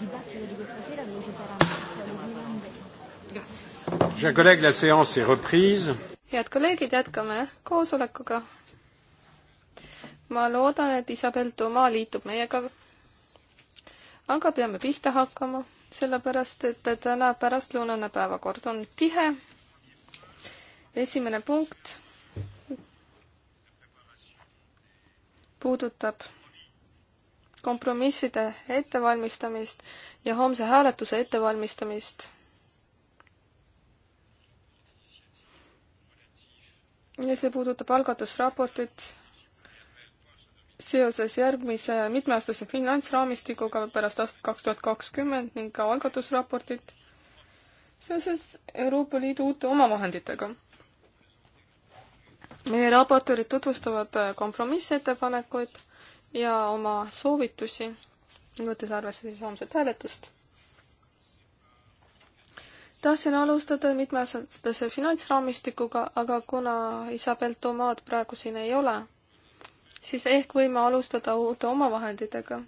dibattito di questa sera dove ci saranno Chers collègues, la séance est reprise. head kolleegid, jätkame koosolekuga. ma loodan, et Isabel Toma liitub meiega. aga peame pihta hakkama, sellepärast et täna pärastlõunane päevakord on tihe. esimene punkt puudutab kompromisside ettevalmistamist ja homse hääletuse ettevalmistamist. ja see puudutab algatusraportit seoses järgmise mitmeaastase finantsraamistikuga pärast aastat kaks tuhat kakskümmend ning ka algatusraportit seoses Euroopa Liidu uute omavahenditega. meie raportöörid tutvustavad kompromissettepanekuid ja oma soovitusi, võttes arvesse siis homset hääletust. tahtsin alustada mitmeaastase finantsraamistikuga, aga kuna Isabel Tomaad praegu siin ei ole, siis ehk võime alustada uute omavahenditega,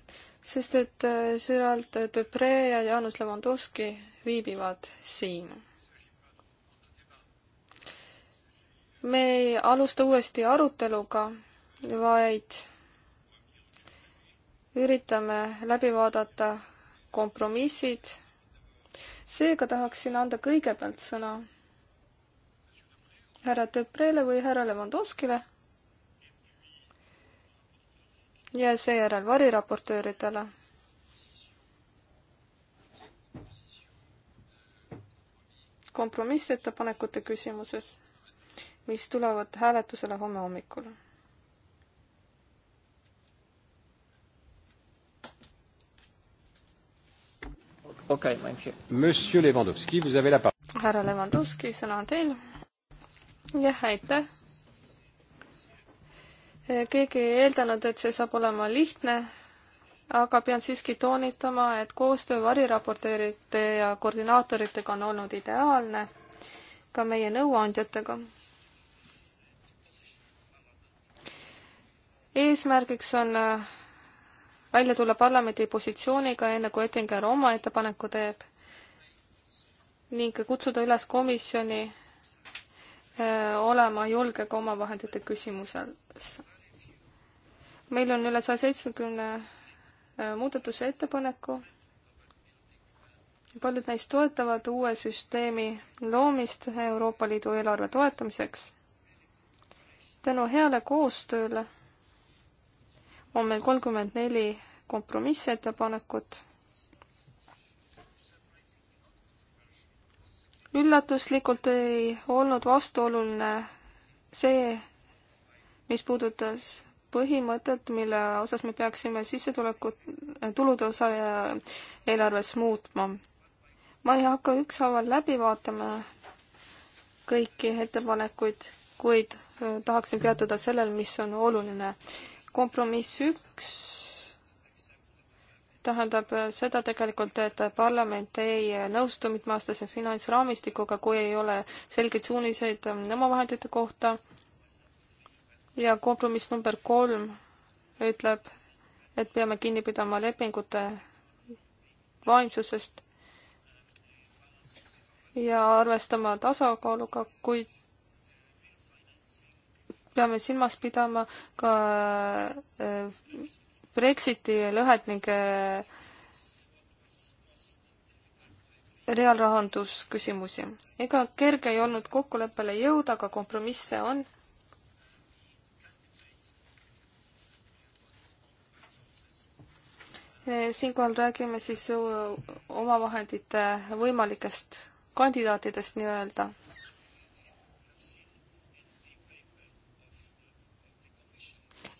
sest et äh, Gerald Depree ja Jaanus Lewandowski viibivad siin me ei alusta uuesti aruteluga, vaid üritame läbi vaadata kompromissid. seega tahaksin anda kõigepealt sõna härra Debrele või härra Levandovskile ja seejärel variraportööridele. kompromissettepanekute küsimuses, mis tulevad hääletusele homme hommikul okei okay,, ma olen siin. Monsieur Levandovski, vous avez la parole. härra Levandovski, sõna on teil. jah, aitäh. keegi ei eeldanud, et see saab olema lihtne, aga pean siiski toonitama, et koostöö variraporteerite ja koordinaatoritega on olnud ideaalne, ka meie nõuandjatega. eesmärgiks on välja tulla parlamendi positsiooniga, enne kui Oettinger oma ettepaneku teeb ning kutsuda üles komisjoni äh, olema julge ka omavahendite küsimuses. meil on üle saja seitsmekümne äh, muudatuse ettepaneku. paljud neist toetavad uue süsteemi loomist Euroopa Liidu eelarve toetamiseks. tänu heale koostööle on meil kolmkümmend neli kompromissettepanekut. üllatuslikult ei olnud vastuoluline see, mis puudutas põhimõtet, mille osas me peaksime sissetulekut, tulude osa eelarves muutma. ma ei hakka ükshaaval läbi vaatama kõiki ettepanekuid, kuid eh, tahaksin peatuda sellel, mis on oluline kompromiss üks tähendab seda tegelikult, et parlament ei nõustu mitmeaastase finantsraamistikuga, kui ei ole selgeid suuniseid omavahendite kohta. ja kompromiss number kolm ütleb, et peame kinni pidama lepingute vaimsusest ja arvestama tasakaaluga, kuid peame silmas pidama ka äh, Brexiti lõhet ning äh, reaalrahandusküsimusi. ega kerge ei olnud kokkuleppele jõuda, aga kompromisse on. Äh, siinkohal räägime siis omavahendite võimalikest kandidaatidest nii-öelda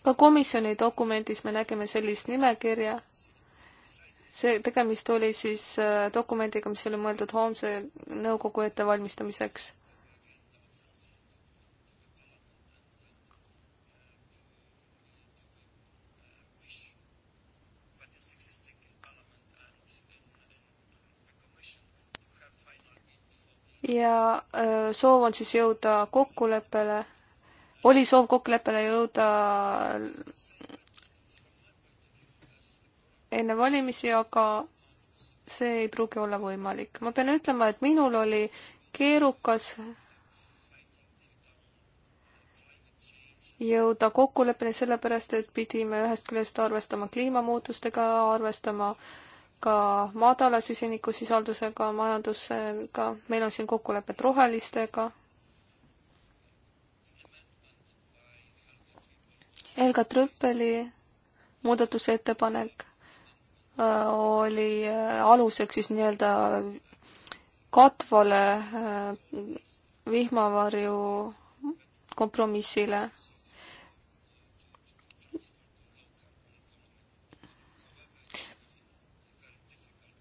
ka komisjoni dokumendis me nägime sellist nimekirja. see, tegemist oli siis äh, dokumendiga, mis oli mõeldud homse nõukogu ettevalmistamiseks. ja äh, soov on siis jõuda kokkuleppele oli soov kokkuleppele jõuda enne valimisi, aga see ei pruugi olla võimalik. ma pean ütlema, et minul oli keerukas jõuda kokkuleppeni, sellepärast et pidime ühest küljest arvestama kliimamuutustega, arvestama ka madala süsinikusisaldusega majandusega, meil on siin kokkulepped rohelistega Helga Trüppeli muudatusettepanek äh, oli äh, aluseks siis nii-öelda katvale äh, vihmavarju kompromissile.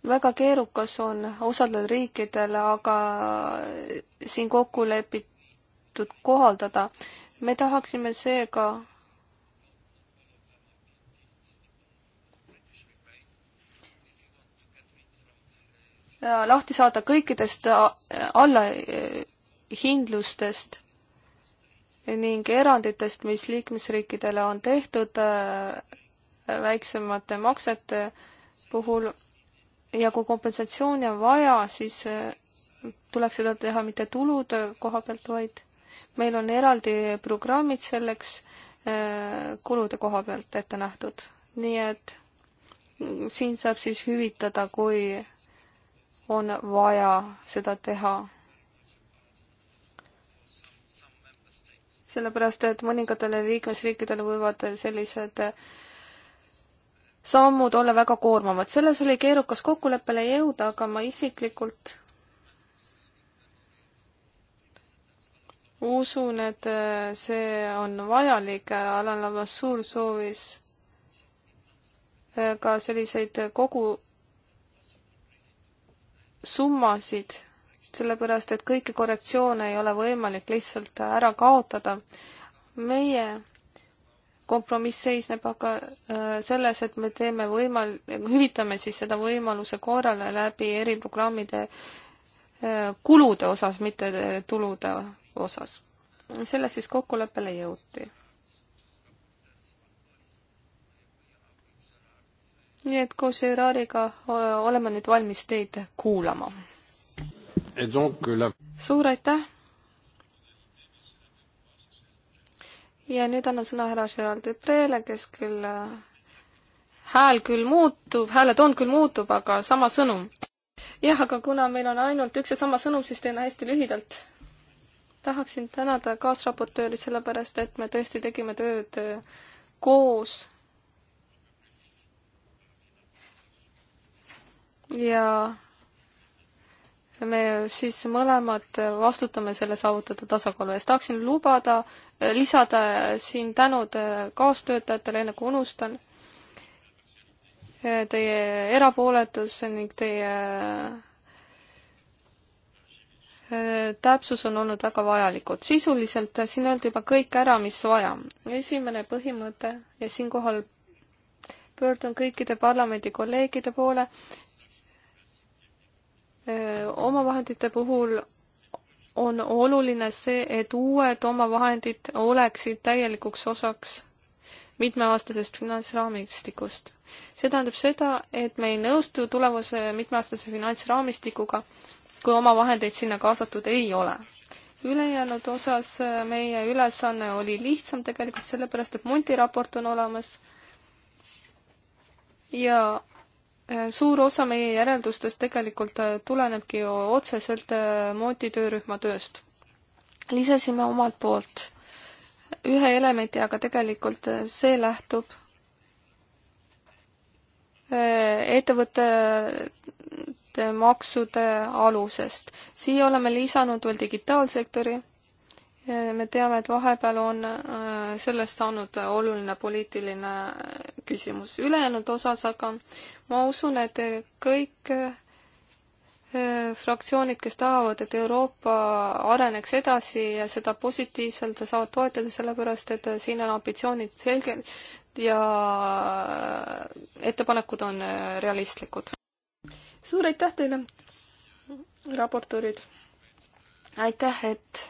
väga keerukas on osadel riikidel aga siin kokku lepitud kohaldada. me tahaksime seega Äh, lahti saada kõikidest äh, allahindlustest äh, ning eranditest, mis liikmesriikidele on tehtud väiksemate maksete puhul ja kui kompensatsiooni on vaja, siis tuleks seda teha mitte tulude koha pealt, vaid meil on eraldi programmid selleks kulude koha pealt ette nähtud, nii et siin saab siis hüvitada, kui on vaja seda teha. sellepärast, et mõningatele liikmesriikidele võivad sellised sammud olla väga koormavad. selles oli keerukas kokkuleppele jõuda, aga ma isiklikult usun, et see on vajalik, Alan Lamassoor soovis ka selliseid kogu, summasid, sellepärast et kõiki korrektsioone ei ole võimalik lihtsalt ära kaotada. meie kompromiss seisneb aga äh, selles, et me teeme võimal-, hüvitame siis seda võimaluse korrale läbi eriprogrammide äh, kulude osas, mitte äh, tulude osas. selles siis kokkuleppele jõuti nii et koos Irariga oleme nüüd valmis teid kuulama. Euh, la... suur aitäh! ja nüüd annan sõna härra Gerald Deprele, kes küll hääl küll muutub, hääletoon küll muutub, aga sama sõnum. jah, aga kuna meil on ainult üks ja sama sõnum, siis teen hästi lühidalt. tahaksin tänada kaasraportööri, sellepärast et me tõesti tegime tööd koos ja me siis mõlemad vastutame selle saavutatud tasakaalu eest. tahaksin lubada, äh, lisada äh, siin tänud äh, kaastöötajatele, enne kui unustan, teie erapooletus ning teie täpsus on olnud väga vajalikud. sisuliselt siin öeldi juba kõik ära, mis vaja. esimene põhimõte ja siinkohal pöördun kõikide parlamendi kolleegide poole, omavahendite puhul on oluline see, et uued omavahendid oleksid täielikuks osaks mitmeaastasest finantsraamistikust. see tähendab seda, et me ei nõustu tulevase mitmeaastase finantsraamistikuga, kui omavahendeid sinna kaasatud ei ole. ülejäänud osas meie ülesanne oli lihtsam tegelikult sellepärast, et Munti raport on olemas ja Äh, suur osa meie järeldustest tegelikult äh, tulenebki ju otseselt äh, Mooti töörühma tööst. lisasime omalt poolt ühe elemendi, aga tegelikult see lähtub ettevõtete maksude alusest. siia oleme lisanud veel digitaalsektori me teame, et vahepeal on äh, sellest saanud oluline poliitiline äh, küsimus. ülejäänud osas aga ma usun, et kõik äh, fraktsioonid, kes tahavad, et Euroopa areneks edasi ja seda positiivselt, saavad toetada, sellepärast et siin on ambitsioonid selged ja ettepanekud on realistlikud. suur aitäh teile, raportöörid! aitäh, et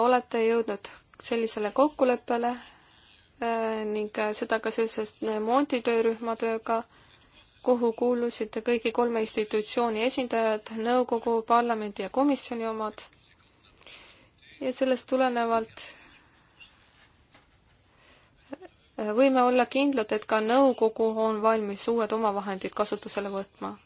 olete jõudnud sellisele kokkuleppele ning seda ka seoses Monti töörühma tööga, kuhu kuulusid kõigi kolme institutsiooni esindajad, nõukogu, parlamendi ja komisjoni omad. ja sellest tulenevalt võime olla kindlad, et ka nõukogu on valmis uued omavahendid kasutusele võtma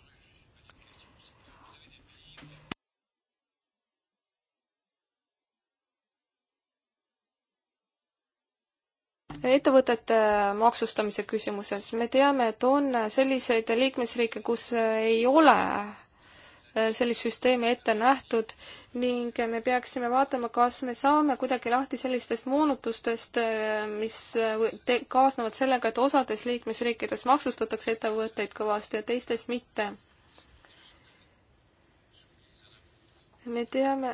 ettevõtete maksustamise küsimuses me teame, et on selliseid liikmesriike, kus ei ole äh, sellist süsteemi ette nähtud ning me peaksime vaatama, kas me saame kuidagi lahti sellistest moonutustest, äh, mis äh, te-, kaasnevad sellega, et osades liikmesriikides maksustatakse ettevõtteid kõvasti ja teistes mitte. me teame,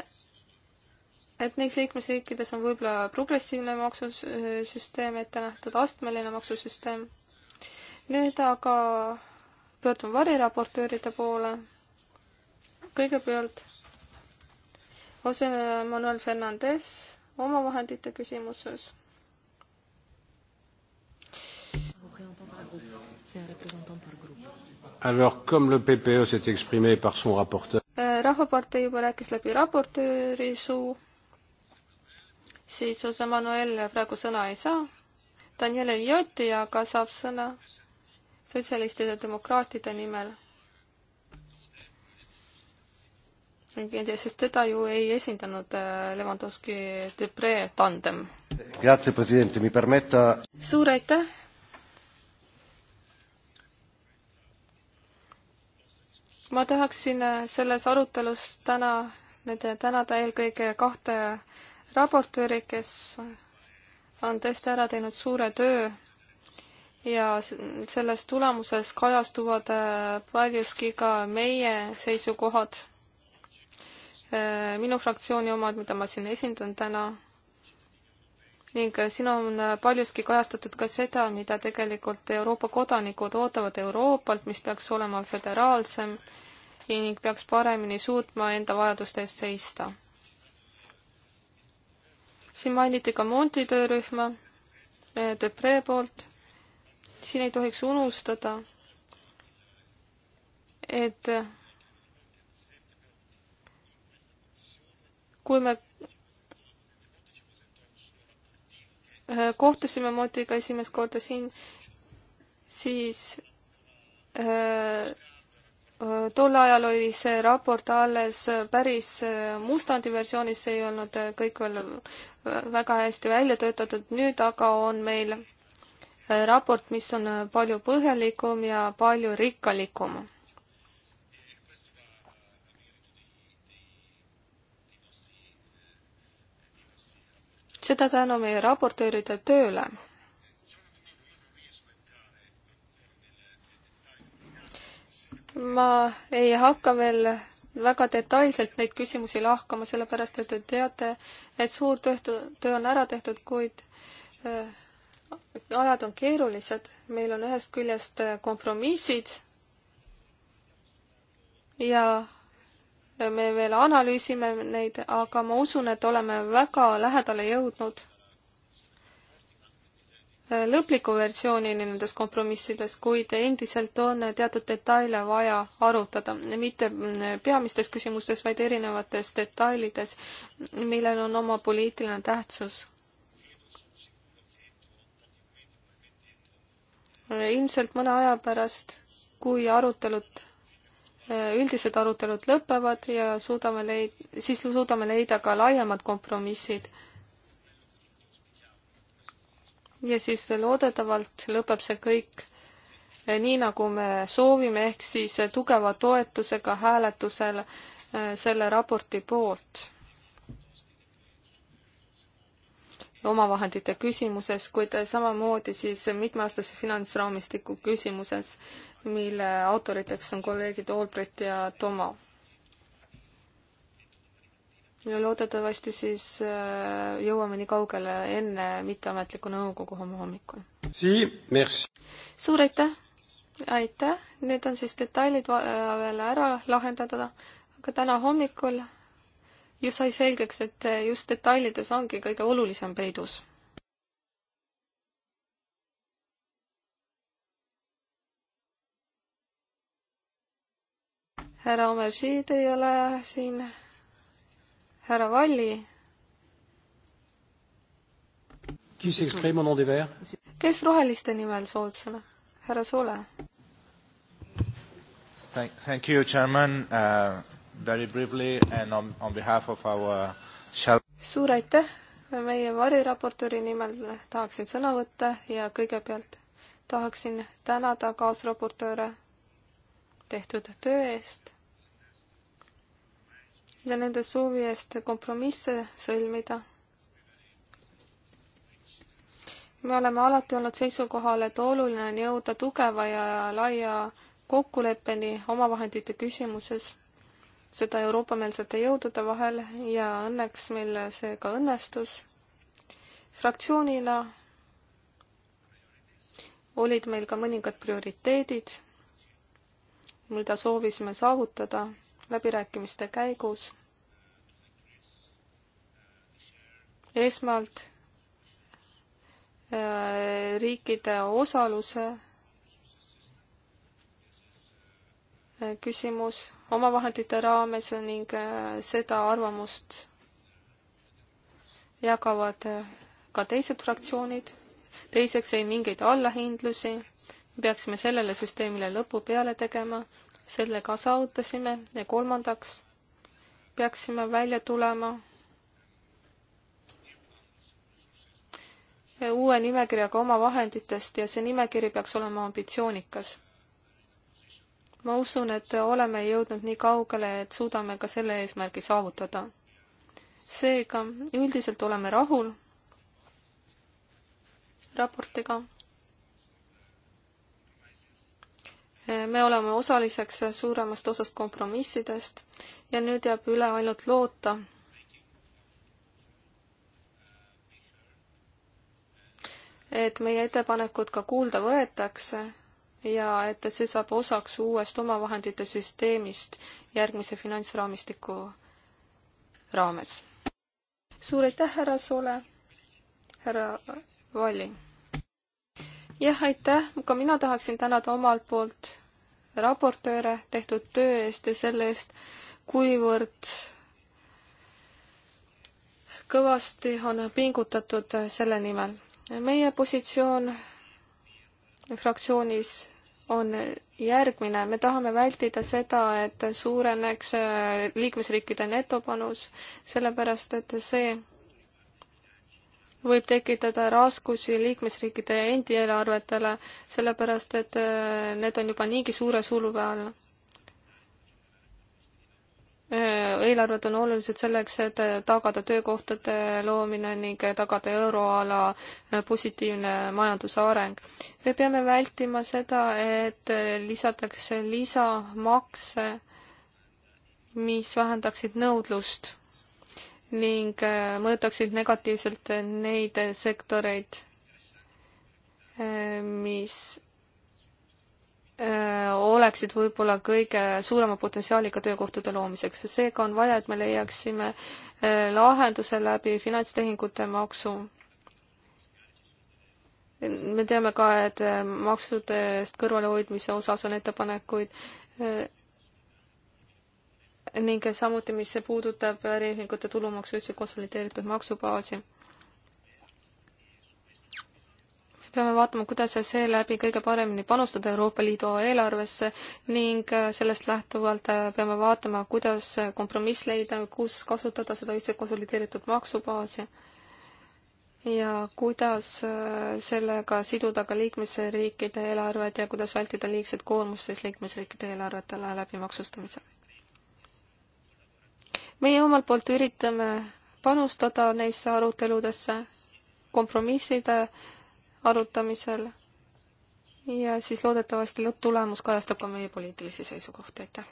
et neis liikmesriikides on võib-olla progressiivne maksusüsteem ette nähtud, astmeline maksusüsteem. nüüd aga pöördun variraportööride poole. kõigepealt Jose Manuel Fernandez omavahendite küsimuses. Alors, comme le PPE s'est exprimé par son rapporteur. Rahvapartei juba rääkis läbi raportööri suu siis Jose Manuel praegu sõna ei saa. Daniel Viotti aga saab sõna sotsialistide ja demokraatide nimel. sest teda ju ei esindanud äh, Lewandowski Debre tandem. Permetta... suur aitäh ma tahaksin äh, selles arutelus täna, nende tänada eelkõige kahte raportööri, kes on tõesti ära teinud suure töö ja selles tulemuses kajastuvad äh, paljuski ka meie seisukohad, äh, minu fraktsiooni omad, mida ma siin esindan täna, ning äh, siin on paljuski kajastatud ka seda, mida tegelikult Euroopa kodanikud ootavad Euroopalt, mis peaks olema föderaalsem ning peaks paremini suutma enda vajaduste eest seista siin mainiti ka Monti töörühma eh, Depre poolt. siin ei tohiks unustada, et eh, kui me eh, kohtusime Montiga esimest korda siin, siis tol ajal oli see raport alles päris äh, mustandi versioonis, see ei olnud äh, kõik veel äh, väga hästi välja töötatud, nüüd aga on meil raport, mis on palju põhjalikum ja palju rikkalikum seda tänu meie raportööride tööle. ma ei hakka veel väga detailselt neid küsimusi lahkama, sellepärast et te teate, et suur töö, töö on ära tehtud, kuid äh, ajad on keerulised, meil on ühest küljest äh, kompromissid ja me veel analüüsime neid, aga ma usun, et oleme väga lähedale jõudnud Äh, lõpliku versioonini nendes kompromissides, kuid endiselt on teatud detaile vaja arutada, mitte äh, peamistes küsimustes, vaid erinevates detailides, millel on oma poliitiline tähtsus. ilmselt mõne aja pärast, kui arutelud, äh, üldised arutelud lõpevad ja suudame leid-, siis suudame leida ka laiemad kompromissid ja siis loodetavalt lõpeb see kõik eh, nii, nagu me soovime, ehk siis eh, tugeva toetusega hääletusel eh, selle raporti poolt. omavahendite küsimuses, kuid samamoodi siis mitmeaastase finantsraamistiku küsimuses, mille autoriteks on kolleegid Albrecht ja Toma ja loodetavasti siis äh, jõuame nii kaugele enne mitteametliku nõukogu homme hommikul. suur aitäh! aitäh, need on siis detailid äh, veel ära lahendada, aga täna hommikul ju sai selgeks, et äh, just detailides ongi kõige olulisem peidus. härra Omeršid ei ole siin härra Valli. kes roheliste nimel soovib sõna? härra Sule. Thank you, chairman uh,. Very briefly and on, on behalf of our suur aitäh, meie variraportööri nimel tahaksin sõna võtta ja kõigepealt tahaksin tänada kaasraportööre tehtud töö eest ja nende soovi eest kompromisse sõlmida. me oleme alati olnud seisukohal, et oluline on jõuda tugeva ja laia kokkuleppeni omavahendite küsimuses. seda Euroopa-meelsete jõudude vahel ja õnneks meil see ka õnnestus. fraktsioonina olid meil ka mõningad prioriteedid, mida soovisime saavutada läbirääkimiste käigus esmalt äh, riikide osaluse äh, küsimus omavahendite raames ning äh, seda arvamust jagavad ka teised fraktsioonid. teiseks ei mingeid allahindlusi, peaksime sellele süsteemile lõpu peale tegema selle ka saavutasime ja kolmandaks peaksime välja tulema uue nimekirjaga oma vahenditest ja see nimekiri peaks olema ambitsioonikas. ma usun, et oleme jõudnud nii kaugele, et suudame ka selle eesmärgi saavutada. seega üldiselt oleme rahul raportiga me oleme osaliseks suuremast osast kompromissidest ja nüüd jääb üle ainult loota. et meie ettepanekud ka kuulda võetakse ja et see saab osaks uuest omavahendite süsteemist järgmise finantsraamistiku raames. suur aitäh, härra Soole, härra Valli! jah, aitäh, ka mina tahaksin tänada omalt poolt raportööre tehtud töö eest ja selle eest, kuivõrd kõvasti on pingutatud selle nimel. meie positsioon fraktsioonis on järgmine, me tahame vältida seda, et suureneks liikmesriikide netopanus, sellepärast et see võib tekitada raskusi liikmesriikide endi eelarvetele, sellepärast et äh, need on juba niigi suure surve all. Äh, eelarved on olulised selleks, et tagada töökohtade loomine ning tagada euroala äh, positiivne majanduse areng. me peame vältima seda, et lisatakse lisamakse, mis vähendaksid nõudlust ning äh, mõjutaksid negatiivselt neid sektoreid, äh, mis äh, oleksid võib-olla kõige suurema potentsiaaliga töökohtade loomiseks ja seega on vaja, et me leiaksime lahenduse läbi finantstehingute maksu. me teame ka, et maksudest kõrvalehoidmise osas on ettepanekuid ning samuti, mis puudutab äriühingute tulumaksu üldse konsolideeritud maksubaasi. me peame vaatama, kuidas seeläbi kõige paremini panustada Euroopa Liidu eelarvesse ning sellest lähtuvalt peame vaatama, kuidas kompromiss leida, kus kasutada seda üldse konsolideeritud maksubaasi ja kuidas sellega siduda ka liikmesriikide eelarved ja kuidas vältida liigset koormust siis liikmesriikide eelarvetele läbi maksustamisel meie omalt poolt üritame panustada neisse aruteludesse, kompromisside arutamisel ja siis loodetavasti lõpptulemus kajastab ka meie poliitilisi seisukohti, aitäh!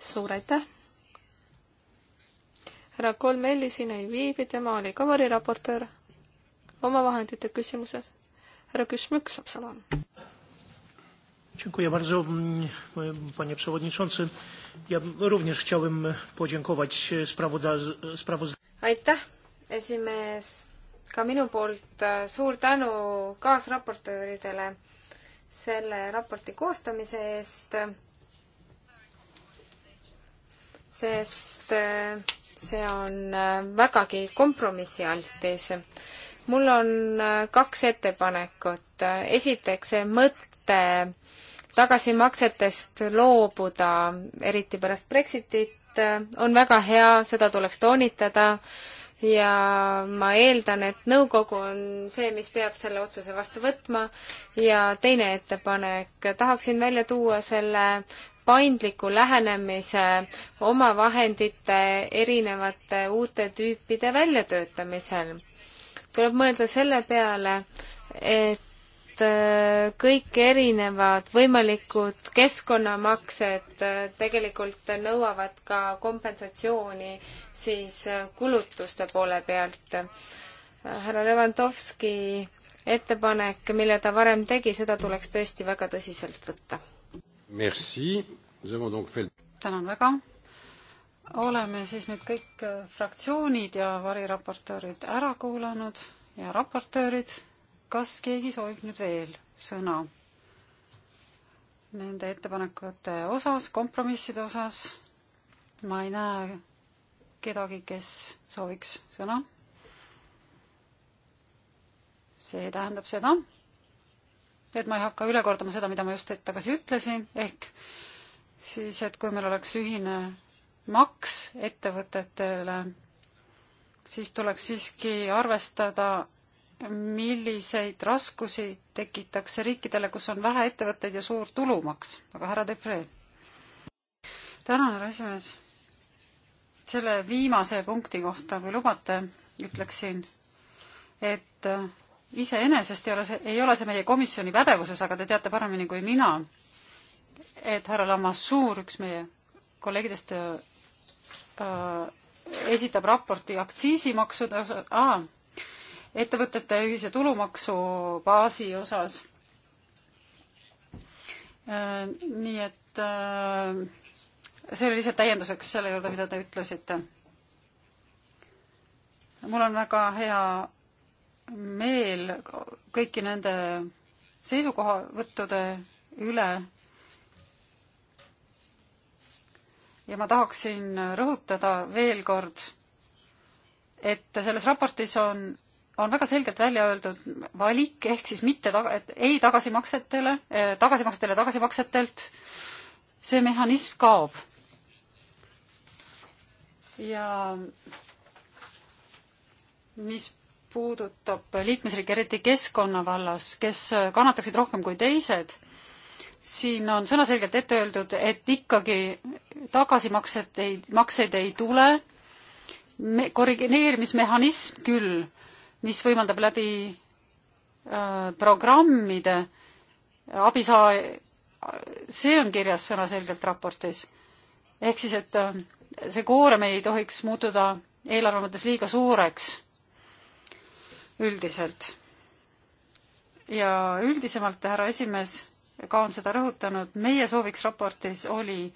suur aitäh! härra Kolmelli siin ei viibi, tema oli ka variraportöör. omavahendite küsimused. härra Küsmük saab sõna. Dziękuję bardzo, panie przewodniczący. Ja również chciałem podziękować sprawozdawcy. Aitäh, esimees. Ka minu poolt äh, suur tänu kaasraportööridele selle raporti koostamise eest, sest äh, see on äh, vägagi kompromissialtis. mul on kaks ettepanekut. esiteks see mõte tagasimaksetest loobuda, eriti pärast Brexitit, on väga hea, seda tuleks toonitada ja ma eeldan, et nõukogu on see, mis peab selle otsuse vastu võtma ja teine ettepanek, tahaksin välja tuua selle paindliku lähenemise omavahendite erinevate uute tüüpide väljatöötamisel. tuleb mõelda selle peale, et Äh, kõik erinevad võimalikud keskkonnamaksed äh, tegelikult nõuavad ka kompensatsiooni siis äh, kulutuste poole pealt. härra Levanovski ettepanek, mille ta varem tegi, seda tuleks tõesti väga tõsiselt võtta. tänan väga. oleme siis nüüd kõik fraktsioonid ja variraportöörid ära kuulanud ja raportöörid kas keegi soovib nüüd veel sõna nende ettepanekute osas, kompromisside osas? ma ei näe kedagi, kes sooviks sõna. see tähendab seda, et ma ei hakka üle kordama seda, mida ma just hetk tagasi ütlesin, ehk siis, et kui meil oleks ühine maks ettevõtetele, siis tuleks siiski arvestada milliseid raskusi tekitakse riikidele, kus on vähe ettevõtteid ja suur tulumaks, aga härra Depree. tänan, härra esimees. selle viimase punkti kohta, kui lubate, ütleksin, et äh, iseenesest ei ole see, ei ole see meie komisjoni pädevuses, aga te teate paremini kui mina, et härra Lamassuur, üks meie kolleegidest äh,, äh esitab raporti aktsiisimaksude osas ah,, ettevõtete ühise tulumaksubaasi osas. Äh, nii et äh, see oli lihtsalt täienduseks selle juurde, mida te ütlesite. mul on väga hea meel kõiki nende seisukohavõttude üle. ja ma tahaksin rõhutada veel kord, et selles raportis on on väga selgelt välja öeldud valik ehk siis mitte taga, ei tagasimaksetele, eh, tagasimaksetele tagasimaksetelt. see mehhanism kaob. ja mis puudutab liikmesriike, eriti keskkonna vallas, kes kannataksid rohkem kui teised, siin on sõnaselgelt ette öeldud, et ikkagi tagasimakset ei, makseid ei tule, korrigeerimismehhanism küll mis võimaldab läbi äh, programmide abisaaja, see on kirjas sõnaselgelt raportis. ehk siis, et äh, see koorem ei tohiks muutuda eelarve mõttes liiga suureks üldiselt. ja üldisemalt, härra esimees, ka on seda rõhutanud, meie sooviks raportis oli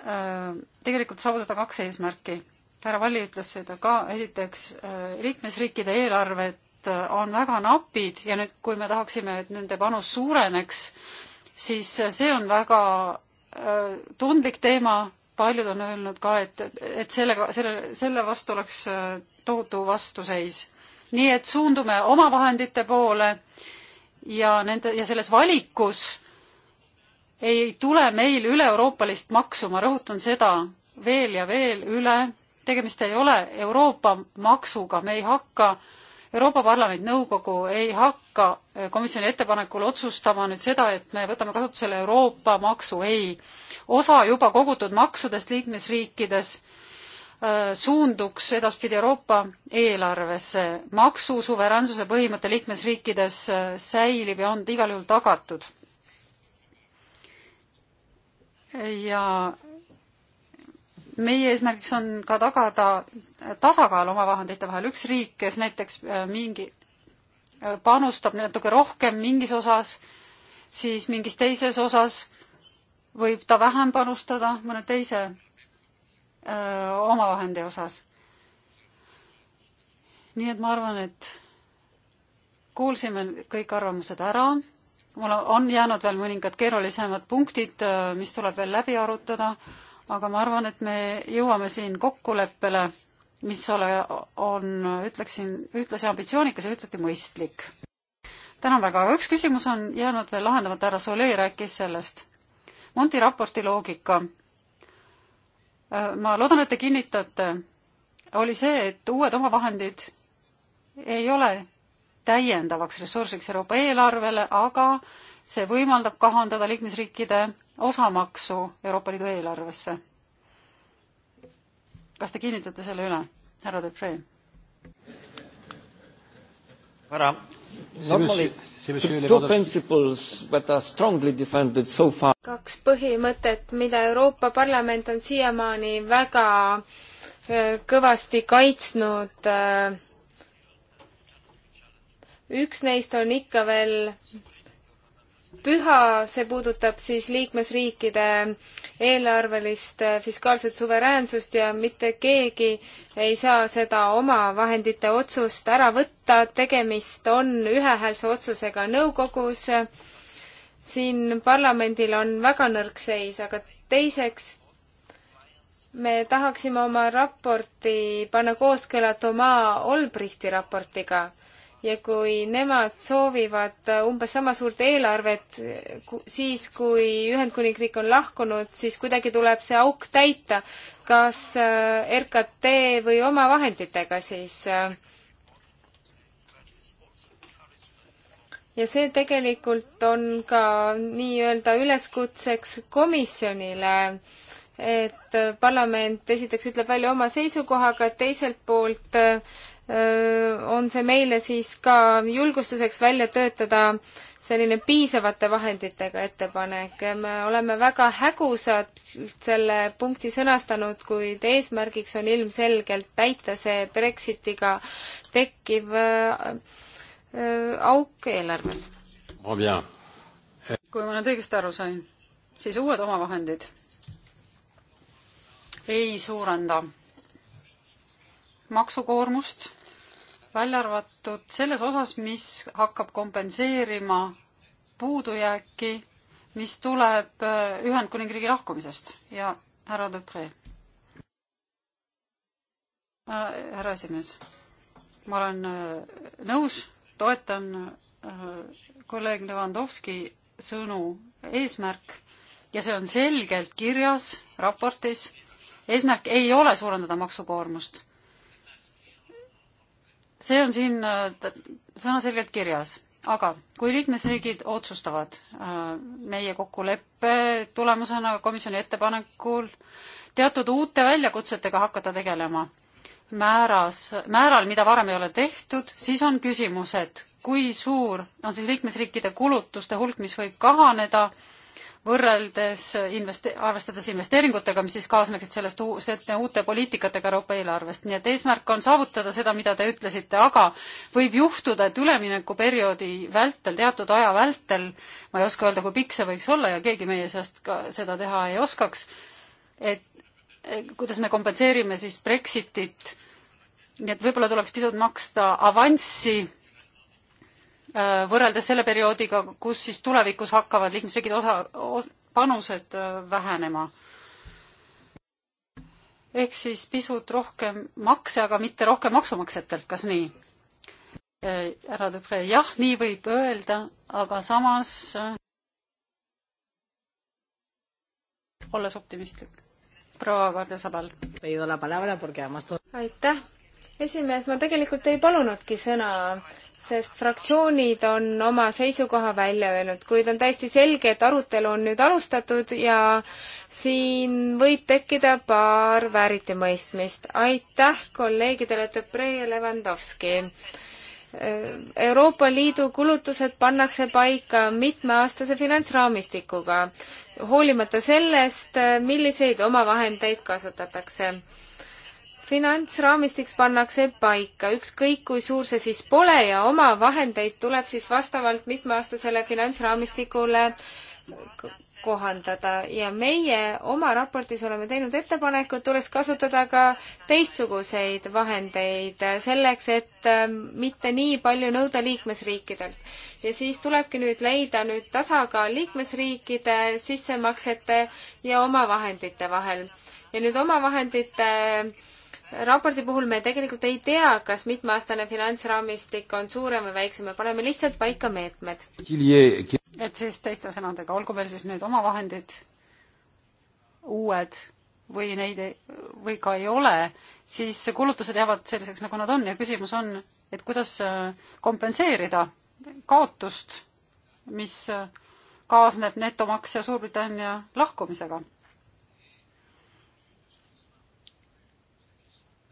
äh, tegelikult saavutada kaks eesmärki härra Valli ütles seda ka, esiteks äh, liikmesriikide eelarved äh, on väga napid ja nüüd, kui me tahaksime, et nende panus suureneks, siis äh, see on väga tundlik teema, paljud on öelnud ka, et, et sellega, selle, selle vastu oleks tohutu vastuseis. nii et suundume omavahendite poole ja nende ja selles valikus ei tule meil üle-euroopalist maksu, ma rõhutan seda veel ja veel üle tegemist ei ole Euroopa maksuga, me ei hakka, Euroopa Parlament, nõukogu ei hakka komisjoni ettepanekul otsustama nüüd seda, et me võtame kasutusele Euroopa maksu, ei. osa juba kogutud maksudest liikmesriikides äh, suunduks edaspidi Euroopa eelarvesse. maksusuveräänsuse põhimõte liikmesriikides äh, säilib ja on igal juhul tagatud. ja meie eesmärgiks on ka tagada tasakaal omavahendite vahel. üks riik, kes näiteks äh, mingi, äh, panustab natuke rohkem mingis osas, siis mingis teises osas võib ta vähem panustada mõne teise öö, äh, omavahendi osas. nii et ma arvan, et kuulsime kõik arvamused ära. mul on jäänud veel mõningad keerulisemad punktid, mis tuleb veel läbi arutada aga ma arvan, et me jõuame siin kokkuleppele, mis ole, on, ütleksin, ühtlasi ambitsioonikas ja ühtlasi mõistlik. tänan väga, aga üks küsimus on jäänud veel lahendamata, härra Solei rääkis sellest. Monti raporti loogika. Äh, ma loodan, et te kinnitate, oli see, et uued omavahendid ei ole täiendavaks ressursiks Euroopa eelarvele, aga see võimaldab kahandada liikmesriikide osamaksu Euroopa Liidu eelarvesse. kas te kinnitate selle üle, härra Depre? härra, normally two principles that are strongly defended so far. kaks põhimõtet, mida Euroopa Parlament on siiamaani väga kõvasti kaitsnud. üks neist on ikka veel püha, see puudutab siis liikmesriikide eelarvelist eh, fiskaalset suveräänsust ja mitte keegi ei saa seda oma vahendite otsust ära võtta, tegemist on ühehäälse otsusega nõukogus, siin parlamendil on väga nõrk seis, aga teiseks me tahaksime oma raporti panna kooskõla Toma Olbrichti raportiga ja kui nemad soovivad äh, umbes sama suurt eelarvet äh, siis, kui Ühendkuningriik on lahkunud, siis kuidagi tuleb see auk täita, kas äh, RKT või omavahenditega siis. ja see tegelikult on ka nii-öelda üleskutseks komisjonile et parlament esiteks ütleb välja oma seisukohaga, teiselt poolt on see meile siis ka julgustuseks välja töötada selline piisavate vahenditega ettepanek. me oleme väga hägusad selle punkti sõnastanud, kuid eesmärgiks on ilmselgelt täita see Brexitiga tekkiv auk eelarves. kui ma nüüd õigesti aru sain, siis uued omavahendid ei suurenda maksukoormust välja arvatud selles osas, mis hakkab kompenseerima puudujääki, mis tuleb äh, Ühendkuningriigi lahkumisest ja härra Dupre. Äh, härra esimees, ma olen äh, nõus, toetan kolleeg Levandovski sõnu eesmärk ja see on selgelt kirjas raportis. eesmärk ei ole suurendada maksukoormust see on siin äh, sõnaselgelt kirjas, aga kui liikmesriigid otsustavad äh, meie kokkuleppe tulemusena komisjoni ettepanekul teatud uute väljakutsetega hakata tegelema määras, määral, mida varem ei ole tehtud, siis on küsimus, et kui suur on siis liikmesriikide kulutuste hulk, mis võib kahaneda võrreldes investe-, arvestades investeeringutega, mis siis kaasneksid sellest uute poliitikatega Euroopa eelarvest. nii et eesmärk on saavutada seda, mida te ütlesite, aga võib juhtuda, et üleminekuperioodi vältel, teatud aja vältel, ma ei oska öelda, kui pikk see võiks olla ja keegi meie seast ka seda teha ei oskaks, et kuidas me kompenseerime siis Brexitit, nii et võib-olla tuleks pisut maksta avanssi Äh, võrreldes selle perioodiga, kus siis tulevikus hakkavad liikmesriigid osa, panused äh, vähenema. ehk siis pisut rohkem makse, aga mitte rohkem maksumaksjatelt, kas nii? Äh, härra Dupree, jah, nii võib öelda, aga samas olles optimistlik. proua Kardja Sabal. aitäh esimees, ma tegelikult ei palunudki sõna, sest fraktsioonid on oma seisukoha välja öelnud, kuid on täiesti selge, et arutelu on nüüd alustatud ja siin võib tekkida paar vääritimõistmist. aitäh kolleegidele Debre ja Levandovski. Euroopa Liidu kulutused pannakse paika mitmeaastase finantsraamistikuga, hoolimata sellest, milliseid omavahendeid kasutatakse finantsraamistiks pannakse paika, ükskõik kui suur see siis pole ja oma vahendeid tuleb siis vastavalt mitmeaastasele finantsraamistikule kohandada ja meie oma raportis oleme teinud ettepaneku, et tuleks kasutada ka teistsuguseid vahendeid selleks, et ähm, mitte nii palju nõuda liikmesriikidelt. ja siis tulebki nüüd leida nüüd tasakaal liikmesriikide sissemaksete ja omavahendite vahel. ja nüüd omavahendite äh, raporti puhul me tegelikult ei tea, kas mitmeaastane finantsraamistik on suurem või väiksem, me paneme lihtsalt paika meetmed. et siis teiste sõnadega, olgu meil siis need omavahendid uued või neid ei, või ka ei ole, siis kulutused jäävad selliseks, nagu nad on ja küsimus on, et kuidas äh, kompenseerida kaotust, mis äh, kaasneb netomaksja Suurbritannia lahkumisega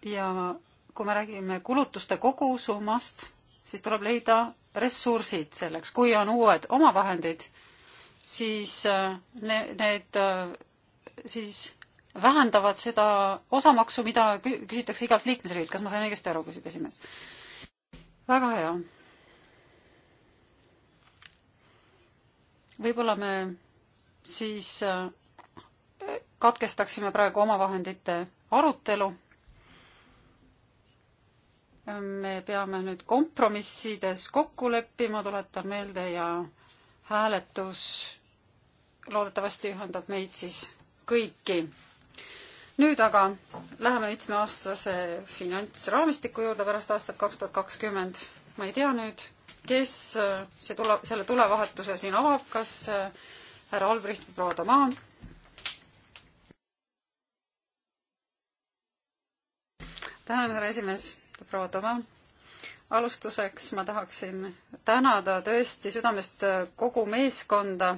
ja kui me räägime kulutuste kogusummast, siis tuleb leida ressursid selleks, kui on uued omavahendid, siis äh, ne, need äh, siis vähendavad seda osamaksu, mida küsitakse igalt liikmesriigilt, kas ma sain õigesti aru, küsib esimees. väga hea. võib-olla me siis äh, katkestaksime praegu omavahendite arutelu me peame nüüd kompromissides kokku leppima, tuletan meelde ja hääletus loodetavasti ühendab meid siis kõiki. nüüd aga läheme mitmeaastase finantsraamistiku juurde pärast aastat kaks tuhat kakskümmend. ma ei tea nüüd, kes see tule, selle tulevahetuse siin avab, kas äh, härra Albrecht või proua Tomaa? tänan, härra esimees proua Toma. alustuseks ma tahaksin tänada tõesti südamest kogu meeskonda,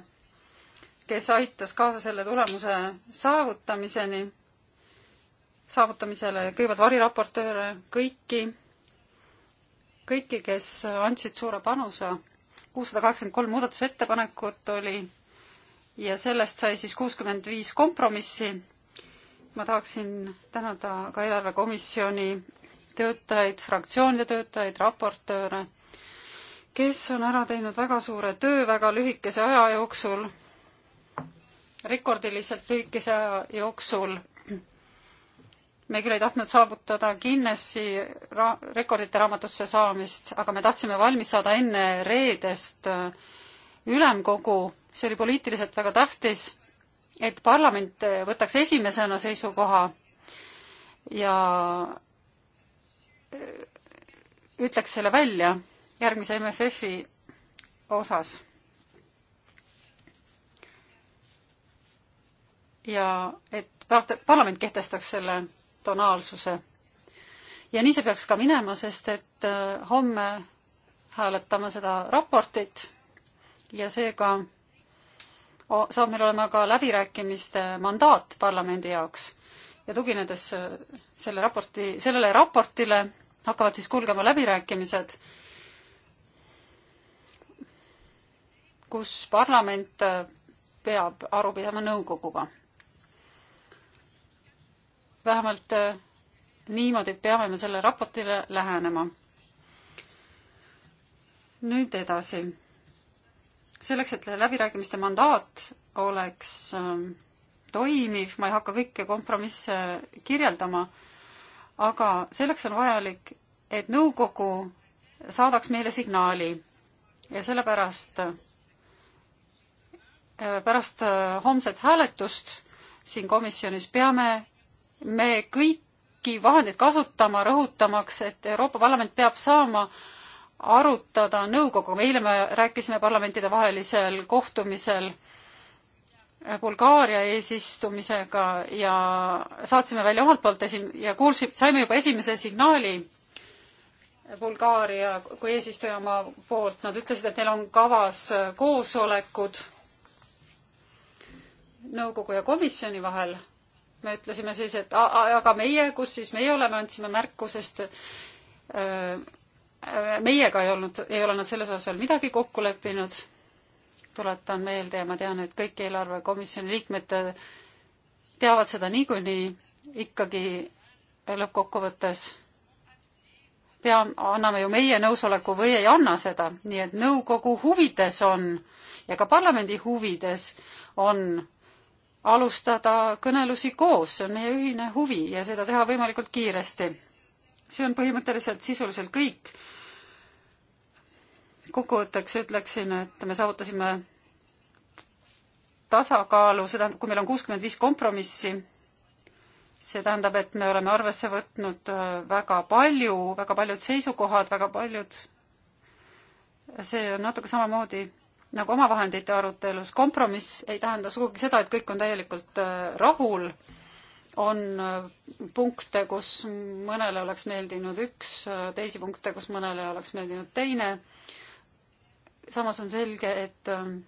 kes aitas kaasa selle tulemuse saavutamiseni, saavutamisele, kõigepealt variraportööre, kõiki, kõiki, kes andsid suure panuse. kuussada kaheksakümmend kolm muudatusettepanekut oli ja sellest sai siis kuuskümmend viis kompromissi ma tahaksin tänada ka eelarvekomisjoni töötajaid, fraktsioonide töötajaid, raportööre, kes on ära teinud väga suure töö väga lühikese aja jooksul, rekordiliselt lühikese aja jooksul. me küll ei tahtnud saavutada Guinessi ra-, rekordite raamatusse saamist, aga me tahtsime valmis saada enne reedest äh, ülemkogu, see oli poliitiliselt väga tähtis, et parlament võtaks esimesena seisukoha ja ütleks selle välja järgmise MFF-i osas. ja et parlament kehtestaks selle tonaalsuse. ja nii see peaks ka minema, sest et äh, homme hääletame seda raportit ja seega saab meil olema ka läbirääkimiste mandaat parlamendi jaoks ja tuginedes äh, selle raporti, sellele raportile hakkavad siis kulgema läbirääkimised, kus parlament äh, peab aru pidama nõukoguga. vähemalt äh, niimoodi peame me sellele raportile lähenema. nüüd edasi. selleks, et läbirääkimiste mandaat oleks äh, toimiv, ma ei hakka kõiki kompromisse kirjeldama, aga selleks on vajalik, et nõukogu saadaks meile signaali ja sellepärast, äh, pärast äh, homset hääletust siin komisjonis peame me kõiki vahendeid kasutama, rõhutamaks, et Euroopa Parlament peab saama arutada nõukoguga, eile me rääkisime parlamentidevahelisel kohtumisel äh, Bulgaaria eesistumisega ja saatsime välja omalt poolt esim- ja kuulsime, saime juba esimese signaali Bulgaaria kui eesistuja oma poolt, nad ütlesid, et neil on kavas koosolekud nõukogu ja komisjoni vahel. me ütlesime siis, et a, a, aga meie, kus siis meie oleme, andsime märku, sest öö, äh, äh, meiega ei olnud, ei ole nad selles osas veel midagi kokku leppinud tuletan meelde ja ma tean, et kõik eelarvekomisjoni liikmed teavad seda niikuinii, ikkagi lõppkokkuvõttes pea, anname ju meie nõusoleku või ei anna seda, nii et nõukogu huvides on ja ka parlamendi huvides on alustada kõnelusi koos, see on meie ühine huvi ja seda teha võimalikult kiiresti. see on põhimõtteliselt sisuliselt kõik kokkuvõtteks ütleksin, et me saavutasime tasakaalu, see tähendab, kui meil on kuuskümmend viis kompromissi, see tähendab, et me oleme arvesse võtnud äh, väga palju, väga paljud seisukohad, väga paljud, see on natuke samamoodi nagu omavahendite arutelus, kompromiss ei tähenda sugugi seda, et kõik on täielikult äh, rahul, on äh, punkte, kus mõnele oleks meeldinud üks, teisi punkte, kus mõnele oleks meeldinud teine samas on selge, et ähm,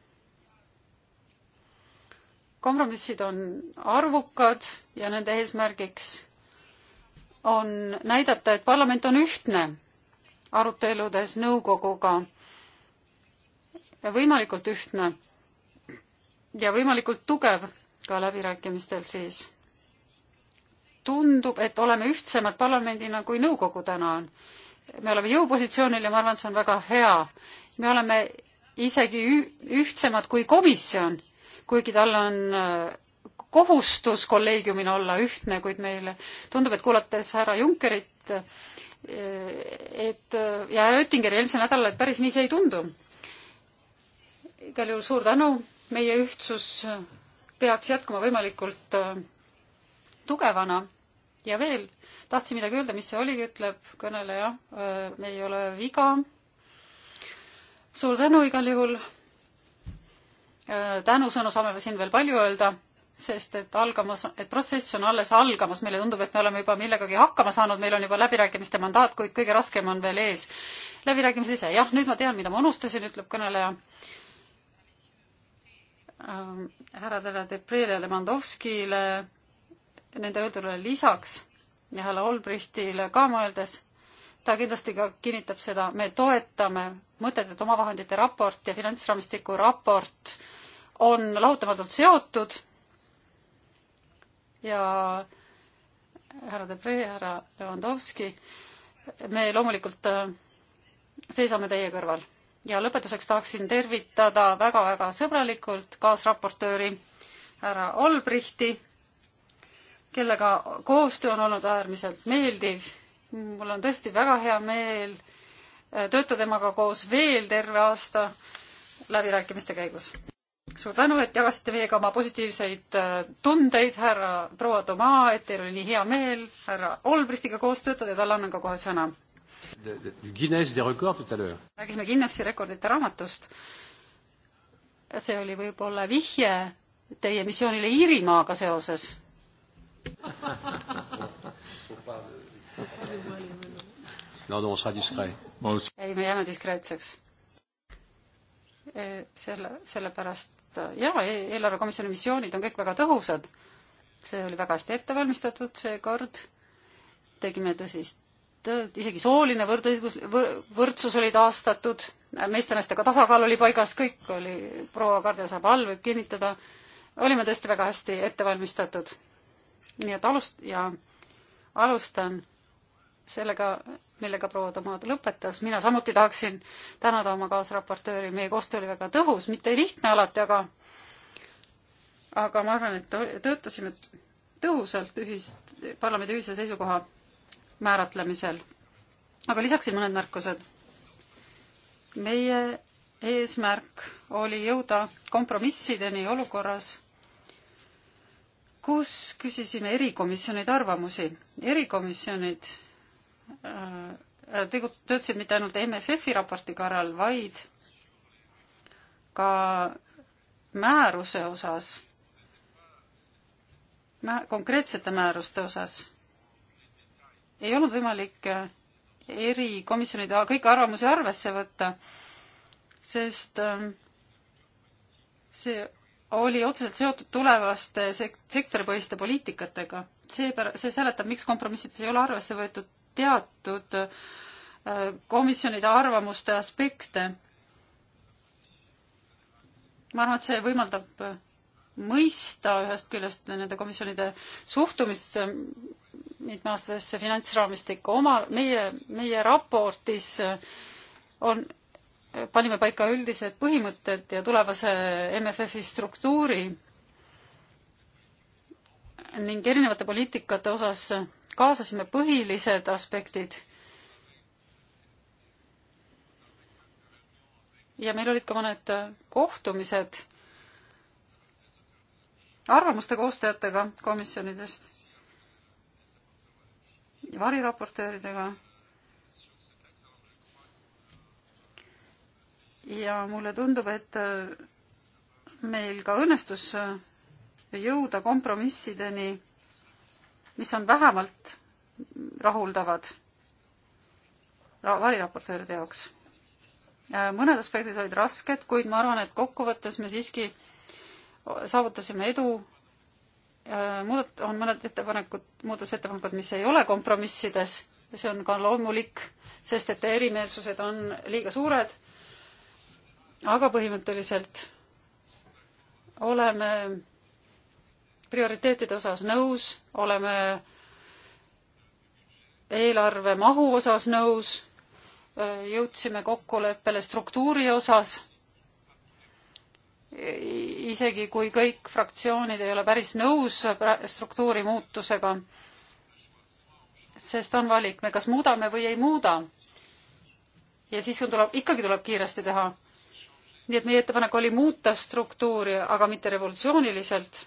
kompromissid on arvukad ja nende eesmärgiks on näidata, et parlament on ühtne aruteludes nõukoguga ja võimalikult ühtne ja võimalikult tugev ka läbirääkimistel siis. tundub, et oleme ühtsemad parlamendina kui nõukogu täna on. me oleme jõupositsioonil ja ma arvan, et see on väga hea me oleme isegi ühtsemad kui komisjon, kuigi tal on äh, kohustus kolleegiumil olla ühtne, kuid meile tundub, et kuulates härra Junckerit, äh, et äh, ja härra Oettingeri eelmisel nädalal, et päris nii see ei tundu. igal juhul suur tänu, meie ühtsus peaks jätkuma võimalikult tugevana ja veel tahtsin midagi öelda, mis see oligi, ütleb kõneleja, me ei ole viga suur tänu igal juhul. Äh, tänusõnu saame siin veel palju öelda, sest et algamas, et protsess on alles algamas, meile tundub, et me oleme juba millegagi hakkama saanud, meil on juba läbirääkimiste mandaat, kuid kõige raskem on veel ees. läbirääkimised ise, jah, nüüd ma tean, mida ma unustasin, ütleb kõneleja äh, härradele Debrele Lewandowskile, nende öeldule lisaks ja härra Olbrichtile ka mõeldes ta kindlasti ka kinnitab seda, me toetame mõtet, et omavahendite raport ja finantsraamistiku raport on lahutamatult seotud ja härra Debre, härra Levandovski, me loomulikult äh, seisame teie kõrval. ja lõpetuseks tahaksin tervitada väga-väga sõbralikult kaasraportööri härra Olbrichti, kellega koostöö on olnud äärmiselt meeldiv mul on tõesti väga hea meel äh, tööta temaga koos veel terve aasta läbirääkimiste käigus. suur tänu, et jagasite meiega oma positiivseid äh, tundeid, härra proua Tomaa, et teil oli nii hea meel härra Olbrichtiga koos töötada ja talle annan ka kohe sõna. rääkisime Guinessi rekordite raamatust. see oli võib-olla vihje teie missioonile Iirimaaga seoses no no, sa diskret. ei, me jääme diskreetseks. selle, sellepärast jaa, e-, eelarvekomisjoni missioonid on kõik väga tõhusad. see oli väga hästi ette valmistatud seekord. tegime tõsist tööd, isegi sooline võrdõigus võr,, võrdsus oli taastatud, meeste-naistega tasakaal oli paigas, kõik oli, proua Kardja Sabal võib kinnitada, olime tõesti väga hästi ette valmistatud. nii et alust- ja alustan sellega, millega proua Tomato lõpetas, mina samuti tahaksin tänada oma kaasraportööri, meie koostöö oli väga tõhus, mitte lihtne alati, aga aga ma arvan, et töötasime tõhusalt ühist, parlamendi ühise seisukoha määratlemisel. aga lisaksin mõned märkused. meie eesmärk oli jõuda kompromissideni olukorras, kus küsisime erikomisjonide arvamusi. erikomisjonid Äh, äh, tegut-, töötasid mitte ainult MFF-i raporti korral, vaid ka määruse osas, mä-, konkreetsete määruste osas. ei olnud võimalik äh, erikomisjonide kõiki arvamusi arvesse võtta, sest ähm, see oli otseselt seotud tulevaste sek-, sektoripõhiste poliitikatega. seepär-, see seletab, miks kompromissides ei ole arvesse võetud teatud äh, komisjonide arvamuste aspekte. ma arvan, et see võimaldab äh, mõista ühest küljest nende komisjonide suhtumist äh, mitmeaastasesse finantsraamistikku. oma, meie, meie raportis on, panime paika üldised põhimõtted ja tulevase MFF-i struktuuri ning erinevate poliitikate osas kaasasime põhilised aspektid. ja meil olid ka mõned kohtumised arvamuste koostajatega komisjonidest, variraportööridega. ja mulle tundub, et meil ka õnnestus jõuda kompromissideni mis on vähemalt rahuldavad variraportööride jaoks. Äh, mõned aspektid olid rasked, kuid ma arvan, et kokkuvõttes me siiski saavutasime edu. Äh, muudat-, on mõned ettepanekud, muudatusettepanekud, mis ei ole kompromissides, see on ka loomulik, sest et erimeelsused on liiga suured. aga põhimõtteliselt oleme prioriteetide osas nõus, oleme eelarve mahu osas nõus, jõudsime kokkuleppele struktuuri osas, isegi kui kõik fraktsioonid ei ole päris nõus struktuuri muutusega, sest on valik, me kas muudame või ei muuda. ja siis on, tuleb, ikkagi tuleb kiiresti teha. nii et meie ettepanek oli muuta struktuuri, aga mitte revolutsiooniliselt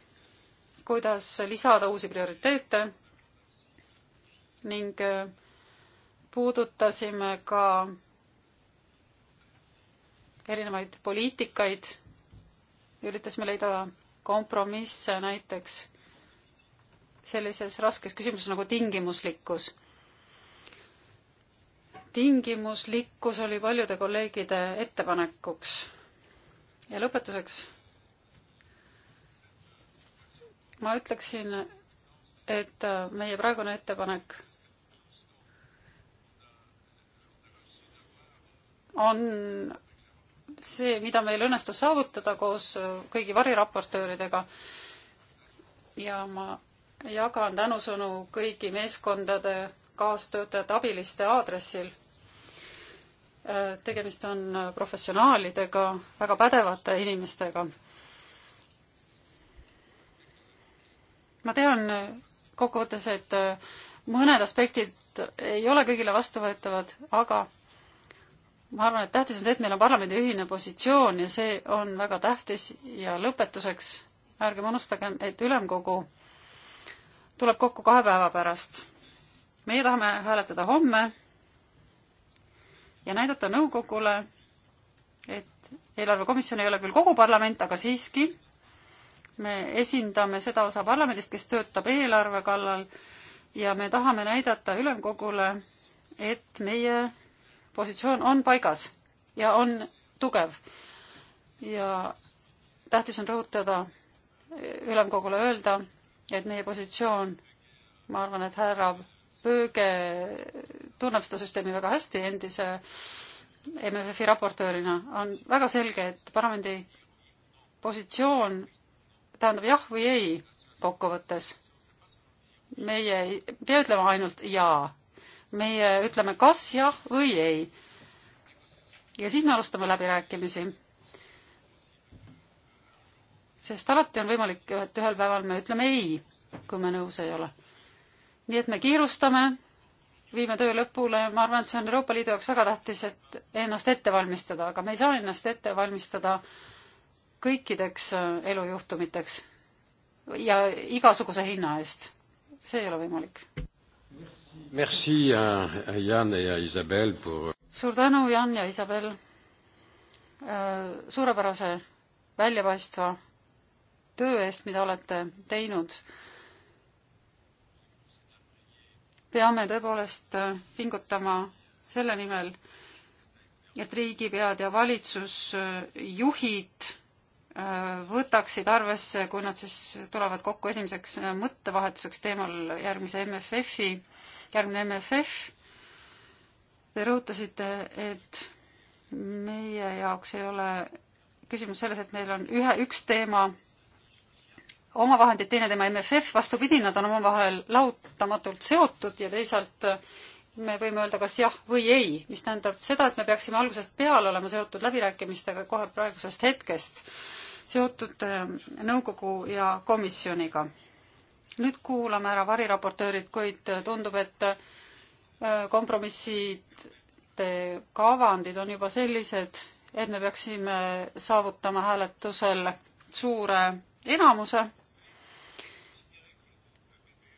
kuidas lisada uusi prioriteete ning äh, puudutasime ka erinevaid poliitikaid, üritasime leida kompromisse näiteks sellises raskes küsimuses nagu tingimuslikkus. tingimuslikkus oli paljude kolleegide ettepanekuks. ja lõpetuseks ma ütleksin, et äh, meie praegune ettepanek on see, mida meil õnnestus saavutada koos äh, kõigi variraportööridega. ja ma jagan tänusõnu kõigi meeskondade, kaastöötajate, abiliste aadressil. Äh, tegemist on professionaalidega, väga pädevate inimestega ma tean kokkuvõttes, et äh, mõned aspektid ei ole kõigile vastuvõetavad, aga ma arvan, et tähtis on see, et meil on parlamendi ühine positsioon ja see on väga tähtis ja lõpetuseks ärgem unustagem, et ülemkogu tuleb kokku kahe päeva pärast. meie tahame hääletada homme ja näidata nõukogule, et eelarvekomisjon ei ole küll kogu parlament, aga siiski me esindame seda osa parlamendist, kes töötab eelarve kallal ja me tahame näidata ülemkogule, et meie positsioon on paigas ja on tugev. ja tähtis on rõhutada, e, ülemkogule öelda, et meie positsioon, ma arvan, et härra Pööge tunneb seda süsteemi väga hästi endise MFF-i raportöörina, on väga selge, et parlamendi positsioon tähendab jah või ei kokkuvõttes. meie ei pea ütlema ainult jaa, meie ütleme kas jah või ei. ja siis me alustame läbirääkimisi. sest alati on võimalik, et ühel päeval me ütleme ei, kui me nõus ei ole. nii et me kiirustame, viime töö lõpule, ma arvan, et see on Euroopa Liidu jaoks väga tähtis, et ennast ette valmistada, aga me ei saa ennast ette valmistada äh, kõikideks äh, elujuhtumiteks ja igasuguse hinna eest. see ei ole võimalik. Merci à äh, Jan ja Isabel pour... Äh, suur tänu, Jan ja Isabel, suurepärase väljapaistva töö eest, mida olete teinud. peame tõepoolest pingutama selle nimel, et riigipead ja valitsusjuhid võtaksid arvesse, kui nad siis tulevad kokku esimeseks mõttevahetuseks teemal järgmise MFF-i, järgmine MFF. Te rõhutasite, et meie jaoks ei ole küsimus selles, et meil on ühe, üks teema omavahendid, teine teema MFF, vastupidi, nad on omavahel lahutamatult seotud ja teisalt me võime öelda kas jah või ei, mis tähendab seda, et me peaksime algusest peale olema seotud läbirääkimistega kohe praegusest hetkest seotud ähm, nõukogu ja komisjoniga. nüüd kuulame ära variraportöörid, kuid äh, tundub, et äh, kompromissid, kavandid on juba sellised, et me peaksime saavutama hääletusel suure enamuse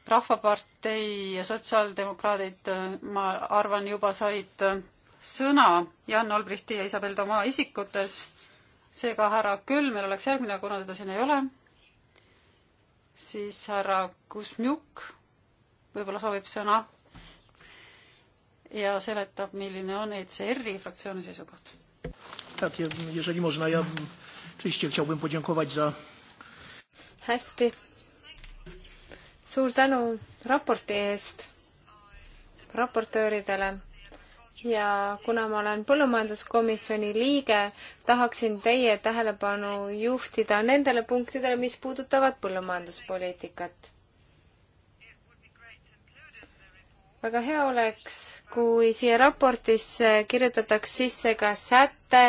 Rahvapartei ja sotsiaaldemokraadid, äh, ma arvan, juba said sõna Jan Olbrichti ja Isabel Toma isikutes seega härra Kölmel oleks järgmine, kuna teda siin ei ole. siis härra Kusmjuk võib-olla soovib sõna ja seletab, milline on ECR-i fraktsiooni seisukoht. hästi. suur tänu raporti eest raportööridele ja kuna ma olen põllumajanduskomisjoni liige, tahaksin teie tähelepanu juhtida nendele punktidele, mis puudutavad põllumajanduspoliitikat. väga hea oleks, kui siia raportisse kirjutataks sisse ka säte,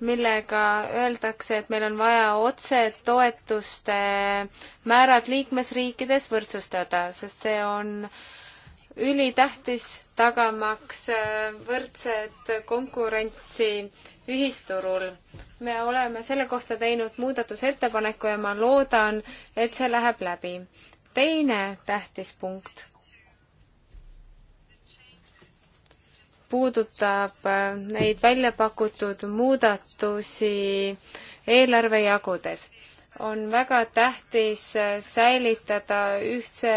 millega öeldakse, et meil on vaja otsetoetuste määrad liikmesriikides võrdsustada, sest see on äh, ülitähtis tagamaks äh, võrdset konkurentsi ühisturul. me oleme selle kohta teinud muudatusettepaneku ja ma loodan, et see läheb läbi. teine tähtis punkt puudutab äh, neid välja pakutud muudatusi eelarvejagudes on väga tähtis äh, säilitada ühtse,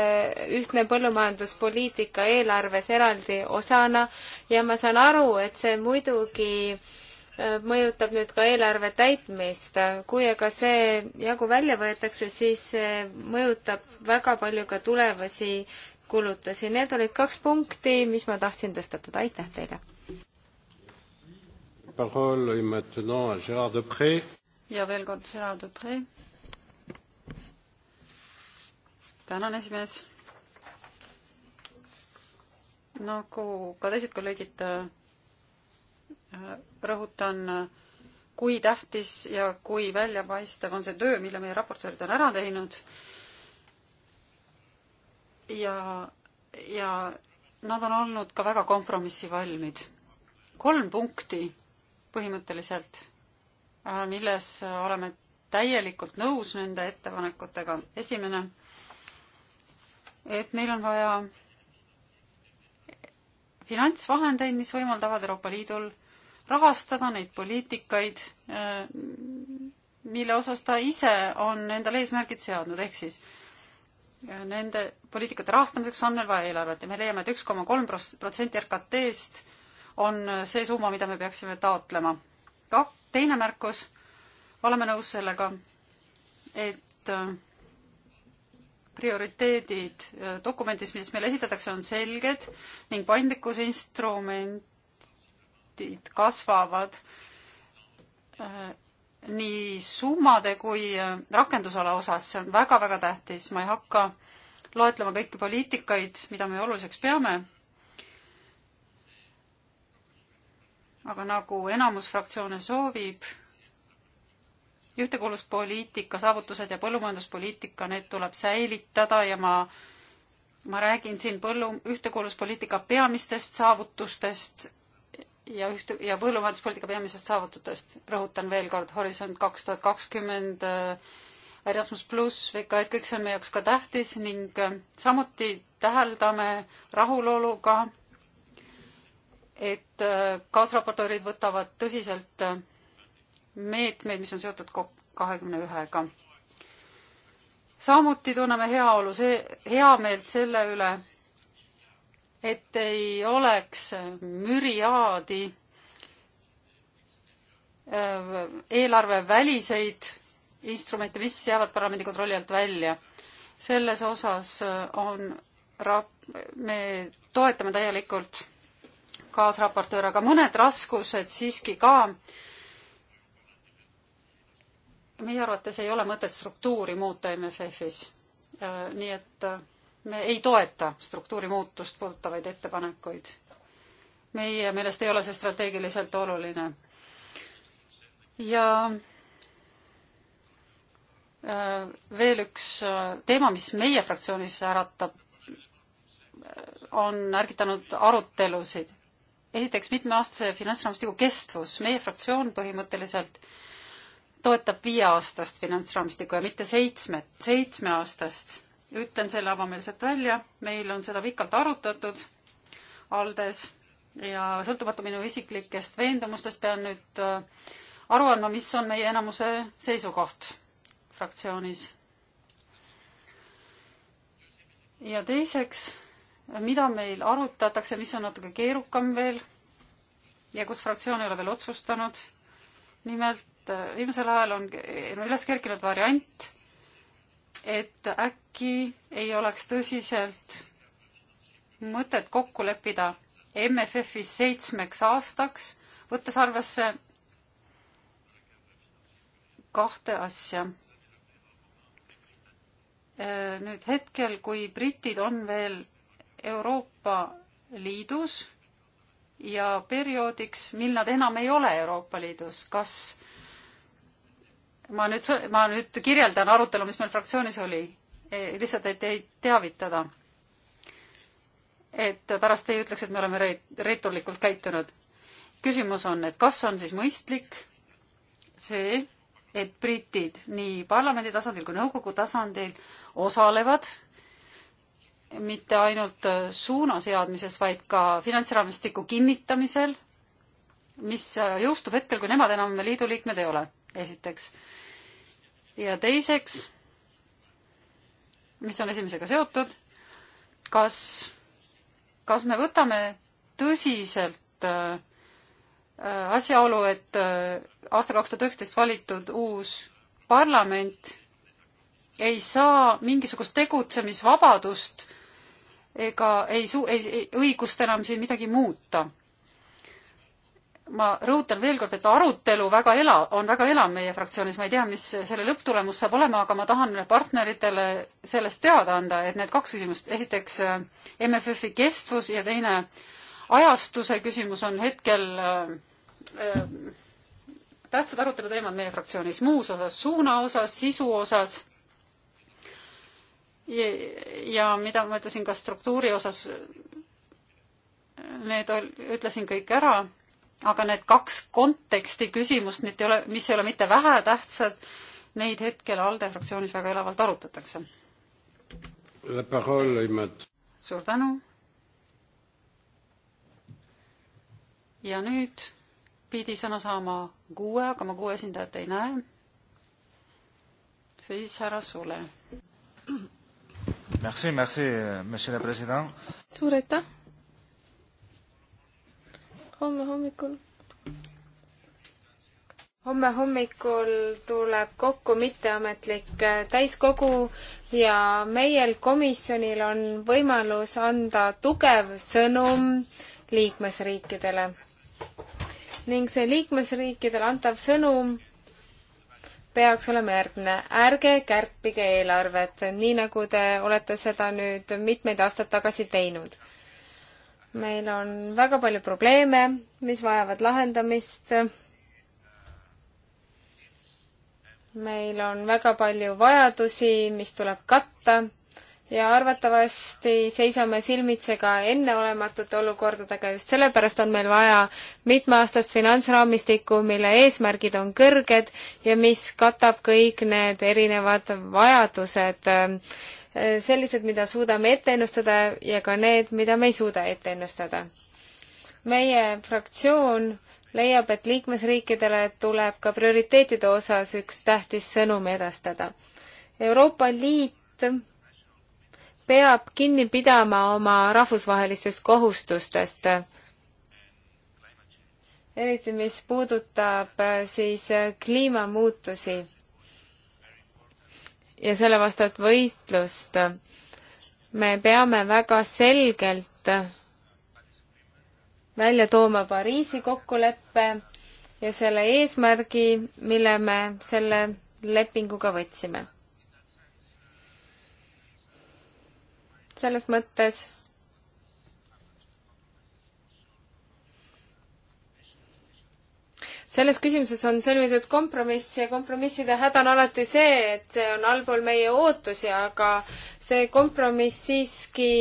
ühtne põllumajanduspoliitika eelarves eraldi osana ja ma saan aru, et see muidugi äh, mõjutab nüüd ka eelarve täitmist. kui aga see jagu välja võetakse, siis see mõjutab väga palju ka tulevasi kulutusi. Need olid kaks punkti, mis ma tahtsin tõstatada. aitäh teile! ja veel kord Gerard Depree tänan, esimees. nagu ka teised kolleegid, äh, rõhutan, kui tähtis ja kui väljapaistev on see töö, mille meie raportöörid on ära teinud. ja, ja nad on olnud ka väga kompromissivalmid. kolm punkti põhimõtteliselt, äh, milles oleme täielikult nõus nende ettepanekutega. esimene et meil on vaja finantsvahendeid, mis võimaldavad Euroopa Liidul rahastada neid poliitikaid, mille osas ta ise on endale eesmärgid seadnud, ehk siis nende poliitikate rahastamiseks on meil vaja eelarvet ja me leiame et, et üks koma kolm protsenti RKT-st on see summa, mida me peaksime taotlema. ka teine märkus, oleme nõus sellega, et prioriteedid äh, dokumendis, mis meile esitatakse, on selged ning paindlikkusinstrumentid kasvavad äh, nii summade kui äh, rakendusala osas, see on väga-väga tähtis, ma ei hakka loetlema kõiki poliitikaid, mida me oluliseks peame. aga nagu enamus fraktsioone soovib ühtekuuluvuspoliitika saavutused ja põllumajanduspoliitika, need tuleb säilitada ja ma, ma räägin siin põllu, ühtekuuluvuspoliitika peamistest saavutustest ja üht- ja põllumajanduspoliitika peamisest saavutustest. rõhutan veel kord, Horisont kaks tuhat kakskümmend, äh, Erasmus pluss, VKE, kõik see on meie jaoks ka tähtis ning äh, samuti täheldame rahuloluga, et äh, kaasraportöörid võtavad tõsiselt meetmeid, mis on seotud COP kahekümne ühega. samuti tunneme heaolu, see, heameelt selle üle, et ei oleks müriaadi äh, eelarveväliseid instrumente, mis jäävad parlamendi kontrolli alt välja. selles osas äh, on rap-, me toetame täielikult kaasraportöör, aga mõned raskused siiski ka äh, meie arvates ei ole mõtet struktuuri muuta MFF-is. Äh, nii et äh, me ei toeta struktuuri muutust puudutavaid ettepanekuid. meie meelest ei ole see strateegiliselt oluline. ja äh, veel üks teema, mis meie fraktsioonis äratab, on ärgitanud arutelusid. esiteks mitmeaastase finantsraamistiku kestvus. meie fraktsioon põhimõtteliselt äh, toetab viieaastast finantsraamistikku ja mitte seitsme, seitsmeaastast. ütlen selle avameelselt välja, meil on seda pikalt arutatud ALDE-s ja sõltumata minu isiklikest veendumustest pean nüüd äh, aru andma, mis on meie enamuse seisukoht fraktsioonis. ja teiseks, mida meil arutatakse, mis on natuke keerukam veel ja kus fraktsioon ei ole veel otsustanud. nimelt et äh, viimasel ajal on üles kerkinud variant, et äkki ei oleks tõsiselt mõtet kokku leppida MFF-is seitsmeks aastaks, võttes arvesse kahte asja. Äh, nüüd hetkel, kui britid on veel Euroopa Liidus ja perioodiks, mil nad enam ei ole Euroopa Liidus, kas ma nüüd, ma nüüd kirjeldan arutelu, mis meil fraktsioonis oli, e, lihtsalt, et teid teavitada. et pärast ei ütleks, et me oleme reit-, reiturlikult käitunud. küsimus on, et kas on siis mõistlik see, et britid nii parlamendi tasandil kui nõukogu tasandil osalevad mitte ainult äh, suuna seadmises, vaid ka finantsraamistiku kinnitamisel, mis äh, jõustub hetkel, kui nemad enam Liidu liikmed ei ole, esiteks ja teiseks, mis on esimesega seotud, kas, kas me võtame tõsiselt äh, äh, asjaolu, et äh, aastal kaks tuhat üheksateist valitud uus parlament ei saa mingisugust tegutsemisvabadust ega ei su-, ei, õigust enam siin midagi muuta ma rõhutan veel kord, et arutelu väga ela, on väga elav meie fraktsioonis, ma ei tea, mis selle lõpptulemus saab olema, aga ma tahan partneritele sellest teada anda, et need kaks küsimust, esiteks äh, MFF-i kestvus ja teine ajastuse küsimus on hetkel äh, äh tähtsad aruteluteemad meie fraktsioonis, muus osas, suuna osas, sisu osas ja, ja mida ma ütlesin ka struktuuri osas, need ol-, ütlesin kõik ära aga need kaks konteksti küsimust, mitte ole, mis ei ole mitte vähetähtsad, neid hetkel ALDE fraktsioonis väga elavalt arutatakse. suur tänu. ja nüüd pidi sõna saama kuue, aga ma kuue esindajat ei näe. siis härra Sule. suur aitäh homme hommikul homme hommikul tuleb kokku mitteametlik äh, täiskogu ja meil komisjonil on võimalus anda tugev sõnum liikmesriikidele. ning see liikmesriikidele antav sõnum peaks olema järgmine. ärge kärpige eelarvet, nii nagu te olete seda nüüd mitmeid aastaid tagasi teinud meil on väga palju probleeme, mis vajavad lahendamist. meil on väga palju vajadusi, mis tuleb katta ja arvatavasti seisame silmitsi ka enneolematute olukordadega, just sellepärast on meil vaja mitmeaastast finantsraamistikku, mille eesmärgid on kõrged ja mis katab kõik need erinevad vajadused Äh, sellised, mida suudame ette ennustada ja ka need, mida me ei suuda ette ennustada. meie fraktsioon leiab, et liikmesriikidele tuleb ka prioriteetide osas üks tähtis sõnum edastada. Euroopa Liit peab kinni pidama oma rahvusvahelistest kohustustest, eriti mis puudutab äh, siis äh, kliimamuutusi ja selle vastast võistlust. me peame väga selgelt välja tooma Pariisi kokkuleppe ja selle eesmärgi, mille me selle lepinguga võtsime. selles mõttes selles küsimuses on sõlmitud kompromiss ja kompromisside häda on alati see, et see on allpool meie ootusi, aga see kompromiss siiski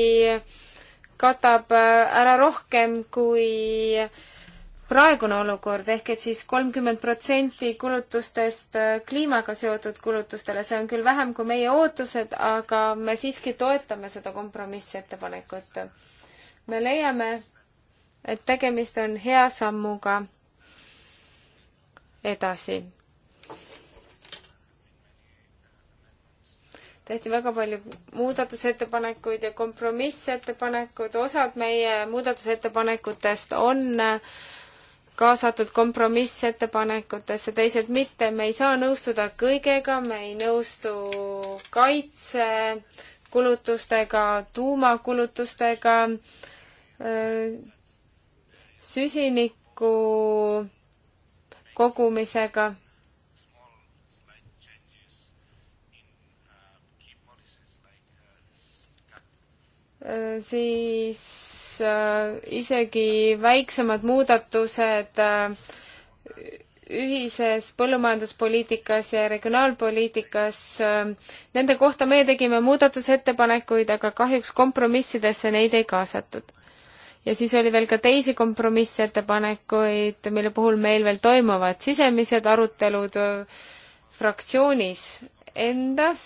katab äh, ära rohkem kui praegune olukord, ehk et siis kolmkümmend protsenti kulutustest äh, kliimaga seotud kulutustele, see on küll vähem kui meie ootused, aga me siiski toetame seda kompromissettepanekut. me leiame, et tegemist on hea sammuga edasi. tehti väga palju muudatusettepanekuid ja kompromissettepanekud, osad meie muudatusettepanekutest on äh, kaasatud kompromissettepanekutesse, teised mitte, me ei saa nõustuda kõigega, me ei nõustu kaitsekulutustega, tuumakulutustega, äh, süsiniku kogumisega. siis äh, isegi väiksemad muudatused äh, ühises põllumajanduspoliitikas ja regionaalpoliitikas. Äh, nende kohta meie tegime muudatusettepanekuid, aga kahjuks kompromissidesse neid ei kaasatud ja siis oli veel ka teisi kompromissettepanekuid, mille puhul meil veel toimuvad sisemised arutelud äh, fraktsioonis endas,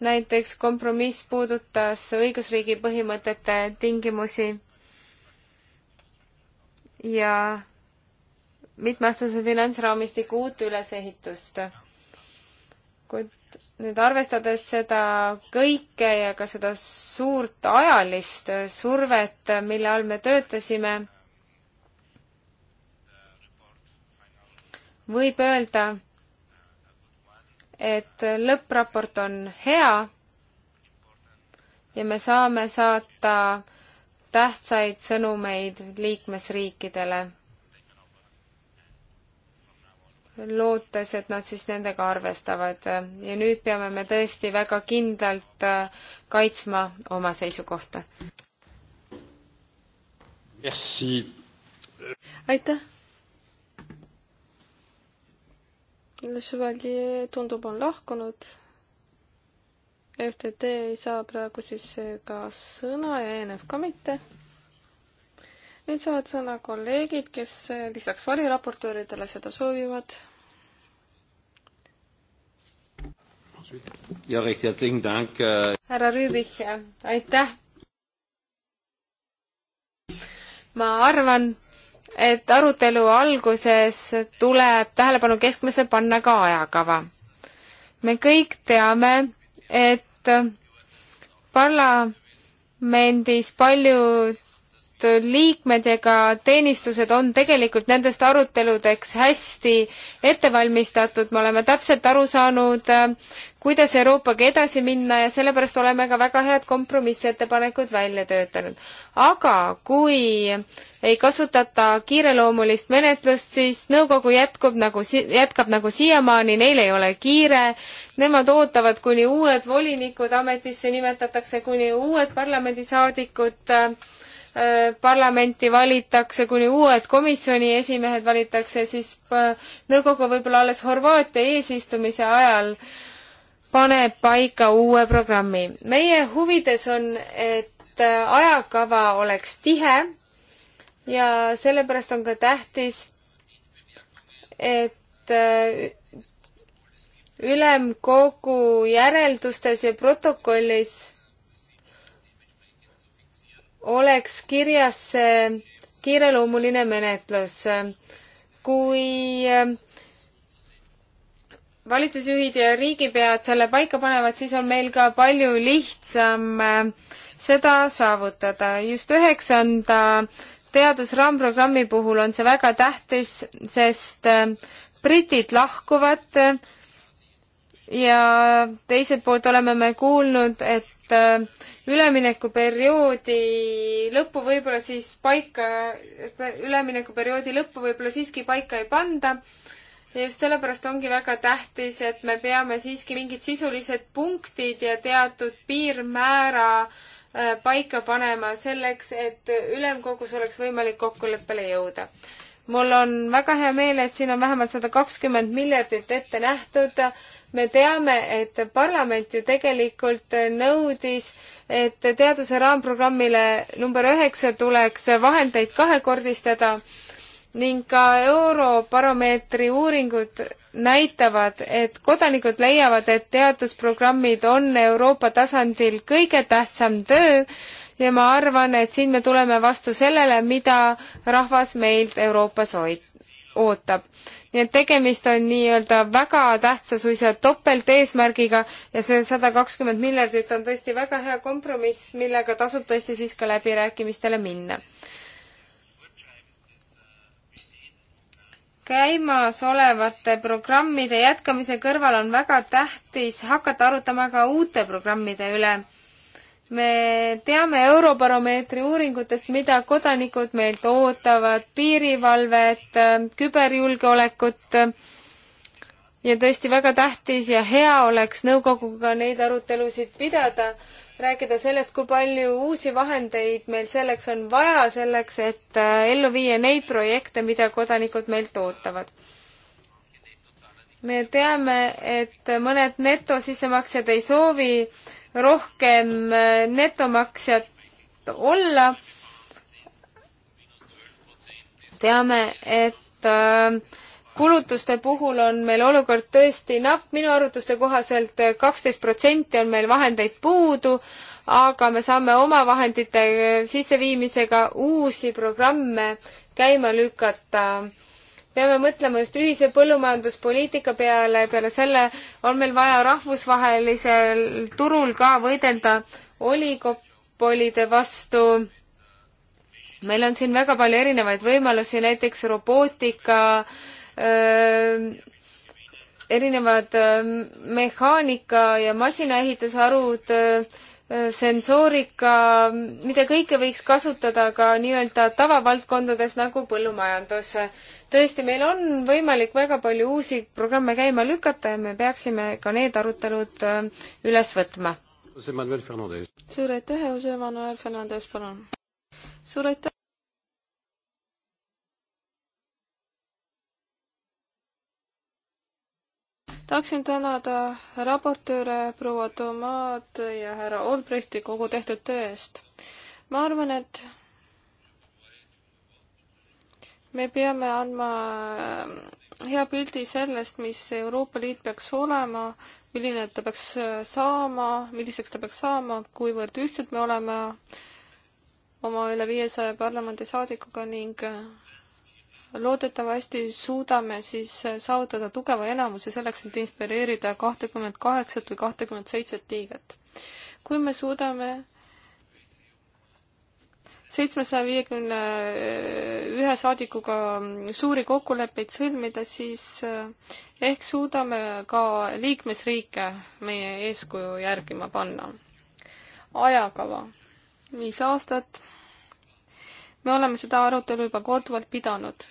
näiteks kompromiss puudutas õigusriigi põhimõtete tingimusi ja mitmeaastase finantsraamistiku uut ülesehitust. kuid nüüd arvestades seda kõike ja ka seda suurt ajalist survet, mille all me töötasime, võib öelda, et lõppraport on hea ja me saame saata tähtsaid sõnumeid liikmesriikidele lootes, et nad siis nendega arvestavad ja nüüd peame me tõesti väga kindlalt äh, kaitsma oma seisukohta. aitäh! Chevalier tundub, on lahkunud. FTT ei saa praegu siis ka sõna ja ENF ka mitte. nüüd saavad sõna kolleegid, kes äh, lisaks variraportööridele seda soovivad Äh, härra Rüübich, aitäh! ma arvan, et arutelu alguses tuleb tähelepanu keskmesse panna ka ajakava. me kõik teame, et parlamendis paljud liikmed ja ka teenistused on tegelikult nendest aruteludeks hästi ette valmistatud, me oleme täpselt aru saanud, äh, kuidas Euroopaga edasi minna ja sellepärast oleme ka väga head kompromissettepanekud välja töötanud. aga kui ei kasutata kiireloomulist menetlust, siis nõukogu jätkub nagu si-, jätkab nagu siiamaani, neil ei ole kiire, nemad ootavad, kuni uued volinikud ametisse nimetatakse, kuni uued parlamendisaadikud äh, Äh, parlamenti valitakse, kuni uued komisjoni esimehed valitakse, siis äh, nõukogu võib-olla alles Horvaatia eesistumise ajal paneb paika uue programmi. meie huvides on, et äh, ajakava oleks tihe ja sellepärast on ka tähtis, et ülemkogu järeldustes ja protokollis oleks kirjas see kiireloomuline menetlus. kui äh, valitsusjuhid ja riigipead selle paika panevad, siis on meil ka palju lihtsam äh, seda saavutada. just üheksanda teadusraamprogrammi puhul on see väga tähtis, sest äh, britid lahkuvad ja teiselt poolt oleme me kuulnud, et et äh, üleminekuperioodi lõppu võib-olla siis paika, üleminekuperioodi lõppu võib-olla siiski paika ei panda. ja just sellepärast ongi väga tähtis, et me peame siiski mingid sisulised punktid ja teatud piirmäära äh, paika panema selleks, et ülemkogus oleks võimalik kokkuleppele jõuda mul on väga hea meel, et siin on vähemalt sada kakskümmend miljardit ette nähtud. me teame, et parlament ju tegelikult nõudis, et teaduse raamprogrammile number üheksa tuleks vahendeid kahekordistada ning ka Eurobaromeetri uuringud näitavad, et kodanikud leiavad, et teadusprogrammid on Euroopa tasandil kõige tähtsam töö ja ma arvan, et siin me tuleme vastu sellele, mida rahvas meilt Euroopas hoid-, ootab. nii et tegemist on nii-öelda väga tähtsa suisa topelteesmärgiga ja see sada kakskümmend miljardit on tõesti väga hea kompromiss, millega tasub tõesti siis ka läbirääkimistele minna. käimasolevate programmide jätkamise kõrval on väga tähtis hakata arutama ka uute programmide üle me teame Eurobaromeetri uuringutest, mida kodanikud meilt ootavad, piirivalvet, küberjulgeolekut ja tõesti väga tähtis ja hea oleks nõukoguga neid arutelusid pidada, rääkida sellest, kui palju uusi vahendeid meil selleks on vaja, selleks et äh, ellu viia neid projekte, mida kodanikud meilt ootavad me teame, et mõned netosissemaksjad ei soovi rohkem äh, netomaksjat olla. teame, et äh, kulutuste puhul on meil olukord tõesti napp, minu arvutuste kohaselt äh, kaksteist protsenti on meil vahendeid puudu, aga me saame oma vahendite sisseviimisega uusi programme käima lükata peame mõtlema just ühise põllumajanduspoliitika peale, peale selle on meil vaja rahvusvahelisel turul ka võidelda oligopolide vastu. meil on siin väga palju erinevaid võimalusi, näiteks robootika, erinevad mehaanika ja masinaehitusharud öö, sensoorika, mida kõike võiks kasutada ka nii-öelda tavavaldkondades nagu põllumajandus. tõesti, meil on võimalik väga palju uusi programme käima lükata ja me peaksime ka need arutelud äh, üles võtma. suur aitäh, Jose Manuel Fernandez, palun! suur aitäh! tahaksin tänada raportööre proua Tomaad ja härra Olbrechti kogu tehtud töö eest. ma arvan, et me peame andma ähm, hea pildi sellest, mis Euroopa Liit peaks olema, milline ta peaks äh, saama, milliseks ta peaks saama, kuivõrd ühtsed me oleme oma üle viiesaja parlamendisaadikuga ning äh, loodetavasti suudame siis saavutada tugeva enamuse selleks, et inspireerida kahtekümmet kaheksat või kahtekümmet seitset liiget. kui me suudame seitsmesaja viiekümne ühe saadikuga suuri kokkuleppeid sõlmida, siis eh, ehk suudame ka liikmesriike meie eeskuju järgima panna. ajakava, viis aastat. me oleme seda arutelu juba korduvalt pidanud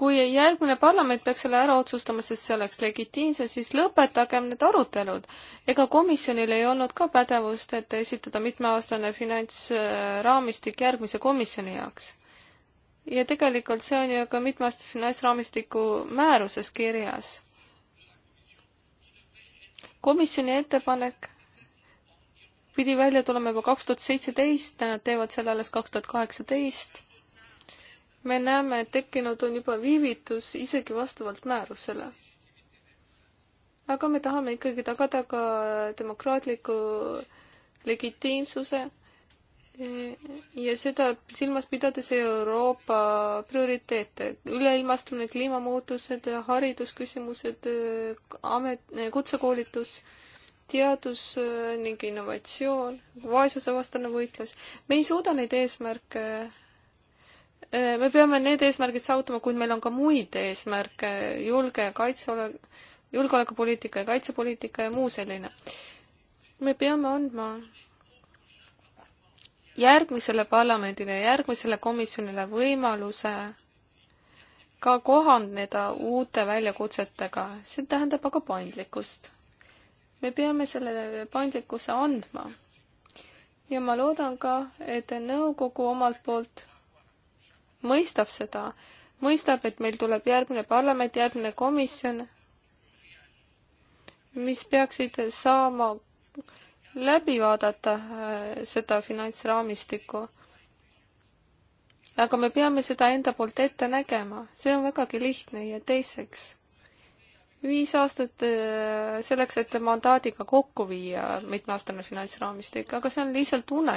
kui järgmine parlament peaks selle ära otsustama, sest see oleks legitiimsem, siis lõpetagem need arutelud. ega komisjonil ei olnud ka pädevust, et esitada mitmeaastane finantsraamistik järgmise komisjoni jaoks. ja tegelikult see on ju ka mitmeaastase finantsraamistiku määruses kirjas. komisjoni ettepanek pidi välja tulema juba kaks tuhat seitseteist, nad teevad selle alles kaks tuhat kaheksateist me näeme, et tekkinud on juba viivitus isegi vastavalt määrusele. aga me tahame ikkagi tagada ka demokraatliku legitiimsuse ja seda silmas pidades Euroopa prioriteete, üleilmastumine, kliimamuutused, haridusküsimused, amet, kutsekoolitus, teadus eh, ning innovatsioon, vaesusevastane võitlus. me ei suuda neid eesmärke Äh, me peame need eesmärgid saavutama, kuid meil on ka muid eesmärke, julge ja kaitseole-, julgeolekupoliitika ja kaitsepoliitika ja muu selline. me peame andma järgmisele parlamendile ja järgmisele komisjonile võimaluse ka kohaneda uute väljakutsetega, see tähendab aga paindlikkust. me peame selle paindlikkuse andma. ja ma loodan ka, et nõukogu omalt poolt mõistab seda, mõistab, et meil tuleb järgmine parlament, järgmine komisjon, mis peaksid saama läbi vaadata äh, seda finantsraamistikku. aga me peame seda enda poolt ette nägema, see on vägagi lihtne ja teiseks, viis aastat äh, selleks, et mandaadiga kokku viia mitmeaastane finantsraamistik, aga see on lihtsalt une,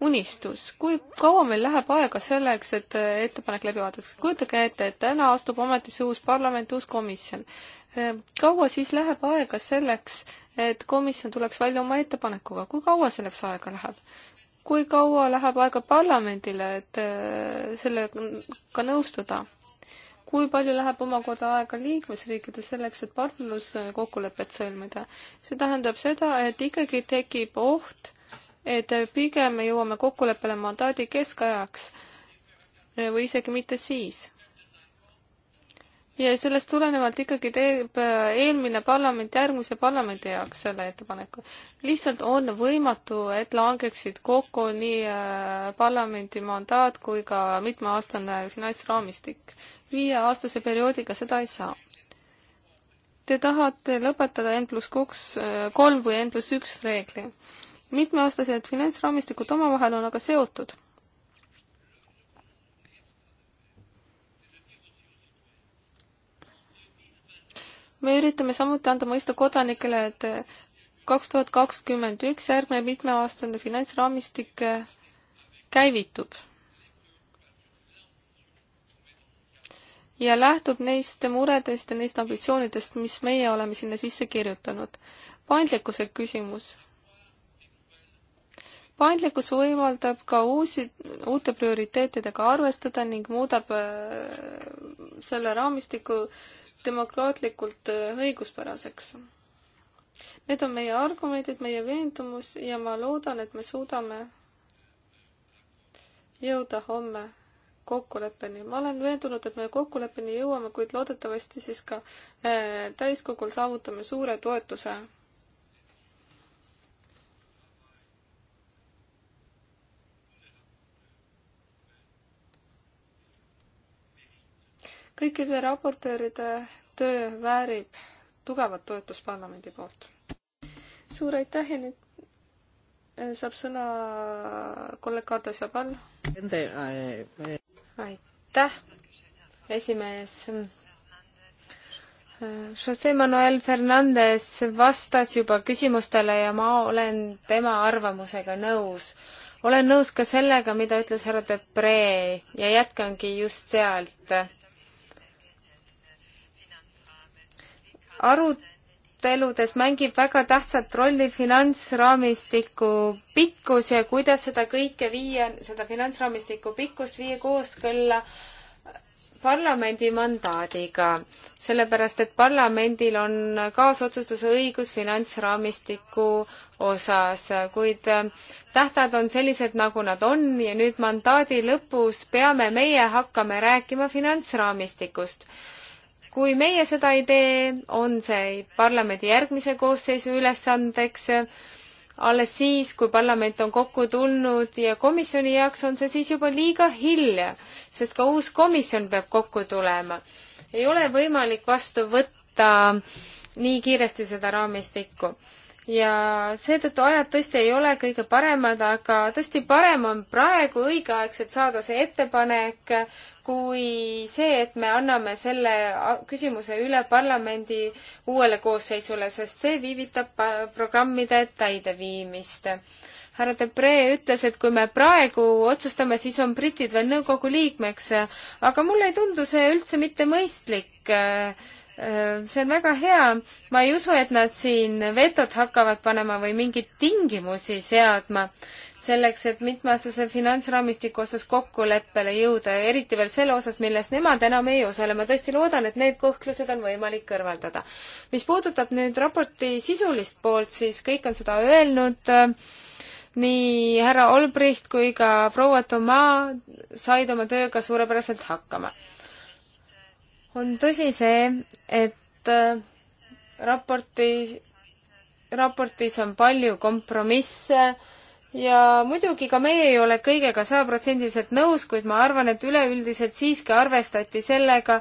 unistus, kui kaua meil läheb aega selleks, et äh, ettepanek läbi vaadatakse, kujutage ette, et täna astub ametisse uus parlament, uus komisjon. Äh, kaua siis läheb aega selleks, et komisjon tuleks välja oma ettepanekuga, kui kaua selleks aega läheb? kui kaua läheb aega parlamendile, et äh, sellega nõustuda? kui palju läheb omakorda aega liikmesriikidel selleks, et partnerluskokkulepet sõlmida? see tähendab seda, et ikkagi tekib oht, et pigem me jõuame kokkuleppele mandaadi keskajaks või isegi mitte siis. ja sellest tulenevalt ikkagi teeb eelmine parlament järgmise parlamendi jaoks selle ettepaneku. lihtsalt on võimatu, et langeksid kokku nii äh, parlamendi mandaat kui ka mitmeaastane finantsraamistik. viieaastase perioodiga seda ei saa te tahate lõpetada N pluss kaks, äh, kolm või N pluss üks reegli mitmeaastased finantsraamistikud omavahel on aga seotud. me üritame samuti anda mõista kodanikele, et kaks tuhat kakskümmend üks järgmine mitmeaastane finantsraamistik eh, käivitub. ja lähtub neist muredest ja neist ambitsioonidest, mis meie oleme sinna sisse kirjutanud. paindlikkuse küsimus paindlikkus võimaldab ka uusi, uute prioriteetidega arvestada ning muudab äh, selle raamistiku demokraatlikult äh, õiguspäraseks. Need on meie argumendid, meie veendumus ja ma loodan, et me suudame jõuda homme kokkuleppeni. ma olen veendunud, et me kokkuleppeni jõuame, kuid loodetavasti siis ka äh, täiskogul saavutame suure toetuse kõikide raportööride töö väärib tugevat toetust parlamendi poolt. suur aitäh ja nüüd eh, saab sõna kolleeg Kardo Sabal. aitäh, esimees. Jose Manuel Fernandez vastas juba küsimustele ja ma olen tema arvamusega nõus. olen nõus ka sellega, mida ütles härra Depree ja jätkangi just sealt aruteludes mängib väga tähtsat rolli finantsraamistiku pikkus ja kuidas seda kõike viia, seda finantsraamistiku pikkust viia kooskõlla parlamendi mandaadiga, sellepärast et parlamendil on kaasotsustuse õigus finantsraamistiku osas, kuid tähtajad on sellised, nagu nad on ja nüüd mandaadi lõpus peame meie hakkame rääkima finantsraamistikust kui meie seda ei tee, on see parlamendi järgmise koosseisu ülesandeks alles siis, kui parlament on kokku tulnud ja komisjoni jaoks on see siis juba liiga hilja, sest ka uus komisjon peab kokku tulema. ei ole võimalik vastu võtta nii kiiresti seda raamistikku. ja seetõttu ajad tõesti ei ole kõige paremad, aga tõesti parem on praegu õigeaegselt saada see ettepanek kui see, et me anname selle küsimuse üle parlamendi uuele koosseisule, sest see viivitab äh, programmide täideviimist. härra Debre ütles, et kui me praegu otsustame, siis on britid veel nõukogu liikmeks, aga mulle ei tundu see üldse mitte mõistlik äh, äh, see on väga hea, ma ei usu, et nad siin vetot hakkavad panema või mingeid tingimusi seadma, selleks, et mitmeaastase finantsraamistiku osas kokkuleppele jõuda ja eriti veel selle osas, milles nemad enam ei osale. ma tõesti loodan, et need kõhklused on võimalik kõrvaldada. mis puudutab nüüd raporti sisulist poolt, siis kõik on seda öelnud, nii härra Olbricht kui ka proua Tomaa said oma tööga suurepäraselt hakkama. on tõsi see, et äh, raporti, raportis on palju kompromisse, ja muidugi ka meie ei ole kõigega sajaprotsendiliselt nõus, kuid ma arvan, et üleüldiselt siiski arvestati sellega,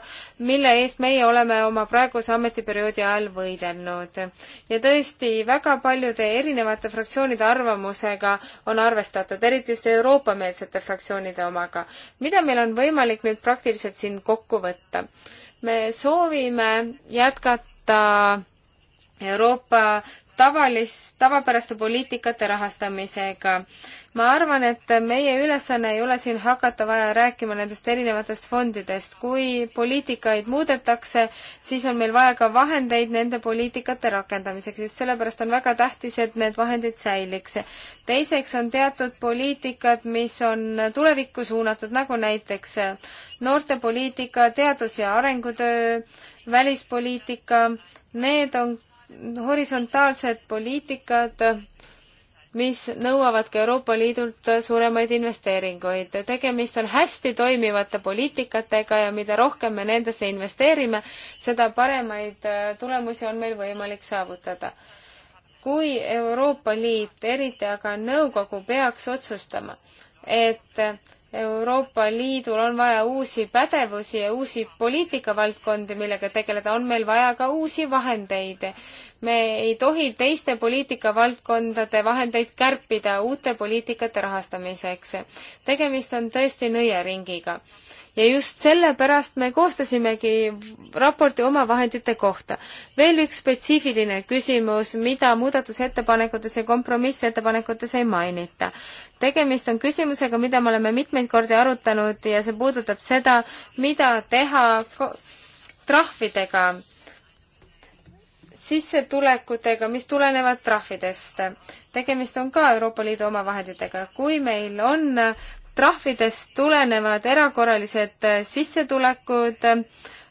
mille eest meie oleme oma praeguse ametiperioodi ajal võidelnud. ja tõesti, väga paljude erinevate fraktsioonide arvamusega on arvestatud, eriti just Euroopa-meelsete fraktsioonide omaga. mida meil on võimalik nüüd praktiliselt siin kokku võtta? me soovime jätkata Euroopa tavalis, tavapäraste poliitikate rahastamisega. ma arvan, et meie ülesanne ei ole siin hakata vaja rääkima nendest erinevatest fondidest. kui poliitikaid muudetakse, siis on meil vaja ka vahendeid nende poliitikate rakendamiseks, just sellepärast on väga tähtis, et need vahendid säiliks. teiseks on teatud poliitikad, mis on tulevikku suunatud, nagu näiteks noortepoliitika, teadus- ja arengutöö, välispoliitika, need on horisontaalsed poliitikad, mis nõuavad ka Euroopa Liidult suuremaid investeeringuid. tegemist on hästi toimivate poliitikatega ja mida rohkem me nendesse investeerime, seda paremaid äh, tulemusi on meil võimalik saavutada. kui Euroopa Liit, eriti aga nõukogu, peaks otsustama, et Euroopa Liidul on vaja uusi pädevusi ja uusi poliitikavaldkondi, millega tegeleda, on meil vaja ka uusi vahendeid me ei tohi teiste poliitikavaldkondade vahendeid kärpida uute poliitikate rahastamiseks. tegemist on tõesti nõiaringiga. ja just sellepärast me koostasimegi raporti omavahendite kohta. veel üks spetsiifiline küsimus, mida muudatusettepanekutes ja kompromissettepanekutes ei mainita. tegemist on küsimusega, mida me oleme mitmeid kordi arutanud ja see puudutab seda, mida teha trahvidega sissetulekutega, mis tulenevad trahvidest. tegemist on ka Euroopa Liidu omavahenditega. kui meil on trahvidest tulenevad erakorralised sissetulekud,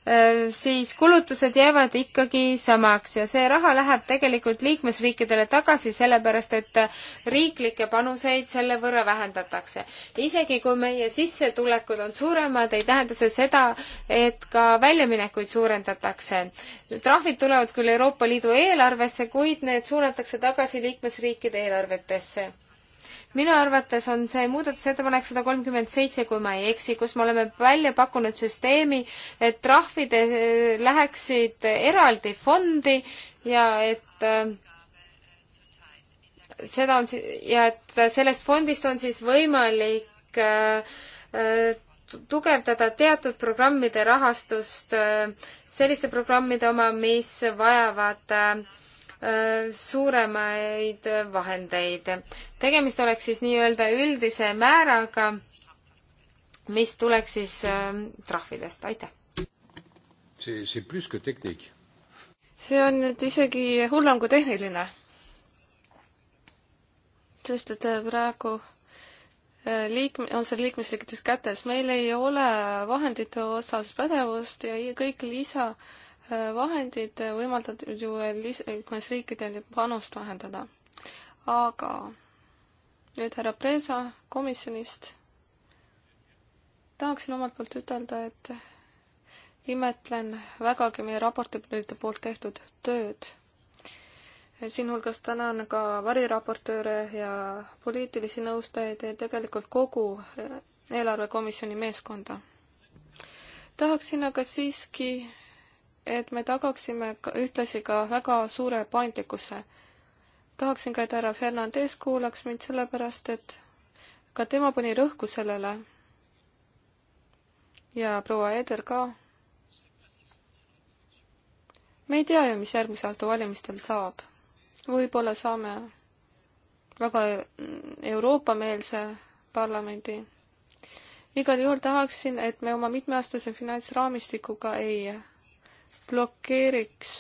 Äh, siis kulutused jäävad ikkagi samaks ja see raha läheb tegelikult liikmesriikidele tagasi, sellepärast et riiklikke panuseid selle võrra vähendatakse. isegi kui meie sissetulekud on suuremad, ei tähenda see seda, et ka väljaminekuid suurendatakse. trahvid tulevad küll Euroopa Liidu eelarvesse, kuid need suunatakse tagasi liikmesriikide eelarvetesse minu arvates on see muudatusettepanek sada kolmkümmend seitse, kui ma ei eksi, kus me oleme välja pakkunud süsteemi, et trahvid eh, läheksid eraldi fondi ja et eh, seda on si- ja et sellest fondist on siis võimalik eh, tugevdada teatud programmide rahastust, selliste programmide oma, mis vajavad äh, Äh, suuremaid vahendeid. tegemist oleks siis nii-öelda üldise määraga, mis tuleks siis äh, trahvidest, aitäh. see on nüüd isegi hullem kui tehniline. sest et äh, praegu liikme, on see liikmesriikides kätes, meil ei ole vahendite osas pädevust ja kõik lisa äh, vahendid võimaldavad ju liikmesriikidel panust vähendada. aga nüüd härra Presa komisjonist tahaksin omalt poolt ütelda, et imetlen vägagi meie raportööride poolt tehtud tööd. siinhulgas tänan ka variraportööre ja poliitilisi nõustajaid ja tegelikult kogu eelarvekomisjoni meeskonda. tahaksin aga siiski et me tagaksime ühtlasi ka väga suure paindlikkuse. tahaksin ka, et härra Fernandes kuulaks mind sellepärast, et ka tema pani rõhku sellele. ja proua Eder ka. me ei tea ju, mis järgmise aasta valimistel saab. võib-olla saame väga Euroopa-meelse parlamendi. igal juhul tahaksin, et me oma mitmeaastase finantsraamistikuga ei blokeeriks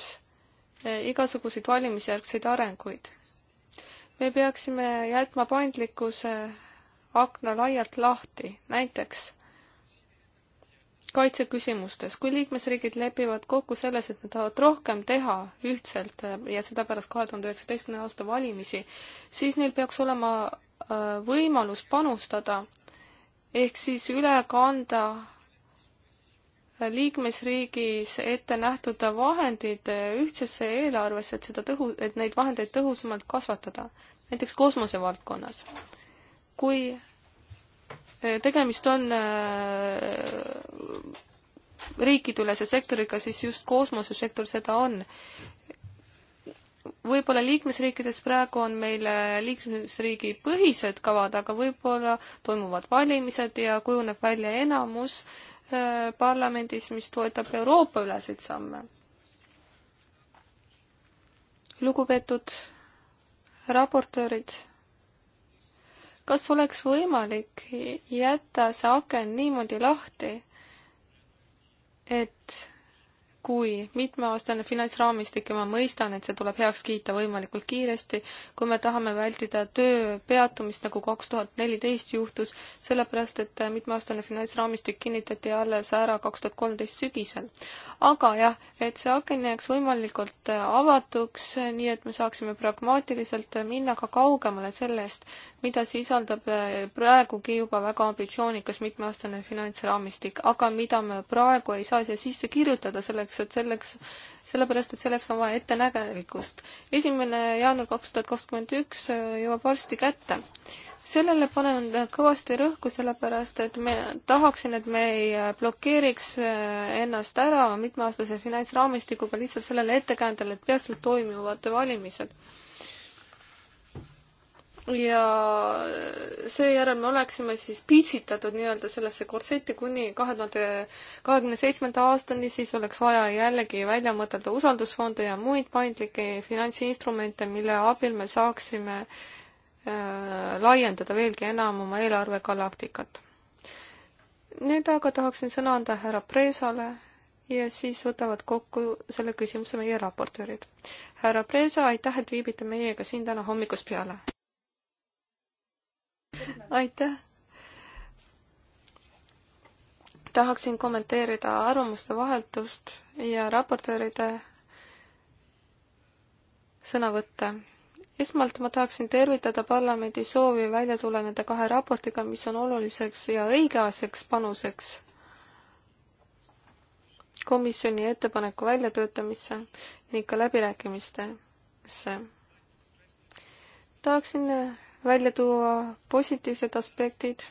eh, igasuguseid valimisjärgseid arenguid. me peaksime jätma paindlikkuse akna laialt lahti, näiteks kaitseküsimustes, kui liikmesriigid lepivad kokku selles, et nad tahavad rohkem teha ühtselt eh, ja seda pärast kahe tuhande üheksateistkümnenda aasta valimisi, siis neil peaks olema eh, võimalus panustada ehk siis üle kanda liikmesriigis ette nähtud vahendid ühtsesse eelarvesse, et seda tõhu, et neid vahendeid tõhusamalt kasvatada, näiteks kosmose valdkonnas. kui eh, tegemist on eh, riikideülese sektoriga, siis just kosmosesektor seda on. võib-olla liikmesriikides praegu on meil liikmesriigi põhised kavad, aga võib-olla toimuvad valimised ja kujuneb välja enamus äh, Äh, parlamendis, mis toetab Euroopa-üleseid samme. lugupeetud raportöörid, kas oleks võimalik jätta see aken niimoodi lahti, et kui mitmeaastane finantsraamistik ja ma mõistan, et see tuleb heaks kiita võimalikult kiiresti, kui me tahame vältida töö peatumist, nagu kaks tuhat neliteist juhtus, sellepärast et mitmeaastane finantsraamistik kinnitati alles ära kaks tuhat kolmteist sügisel. aga jah, et see aken jääks võimalikult äh, avatuks, nii et me saaksime pragmaatiliselt äh, minna ka kaugemale sellest, mida sisaldab äh, praegugi juba väga ambitsioonikas mitmeaastane finantsraamistik, aga mida me praegu ei saa siia sisse kirjutada, selleks selleks, et selleks, sellepärast, et selleks on vaja ettenägelikkust. esimene jaanuar kaks tuhat kakskümmend üks äh, jõuab varsti kätte. sellele panen kõvasti rõhku, sellepärast et me tahaksin, et me ei äh, blokeeriks äh, ennast ära mitmeaastase finantsraamistikuga lihtsalt sellele ettekäändele, et peatselt toimuvad valimised ja seejärel me oleksime siis pitsitatud nii-öelda sellesse korsetti kuni kahe tuhande kahekümne seitsmenda aastani, siis oleks vaja jällegi välja mõtelda usaldusfonde ja muid paindlikke finantsinstrumente, mille abil me saaksime äh, laiendada veelgi enam oma eelarvegalaktikat. nüüd aga tahaksin sõna anda härra Preesale ja siis võtavad kokku selle küsimuse meie raportöörid. härra Preesa, aitäh, et viibite meiega siin täna hommikust peale! aitäh! tahaksin kommenteerida arvamuste vahetust ja raportööride sõnavõtte. esmalt ma tahaksin tervitada parlamendi soovi välja tulla nende kahe raportiga, mis on oluliseks ja õigeaegseks panuseks komisjoni ettepaneku väljatöötamisse ning ka läbirääkimistesse. tahaksin välja tuua positiivsed aspektid.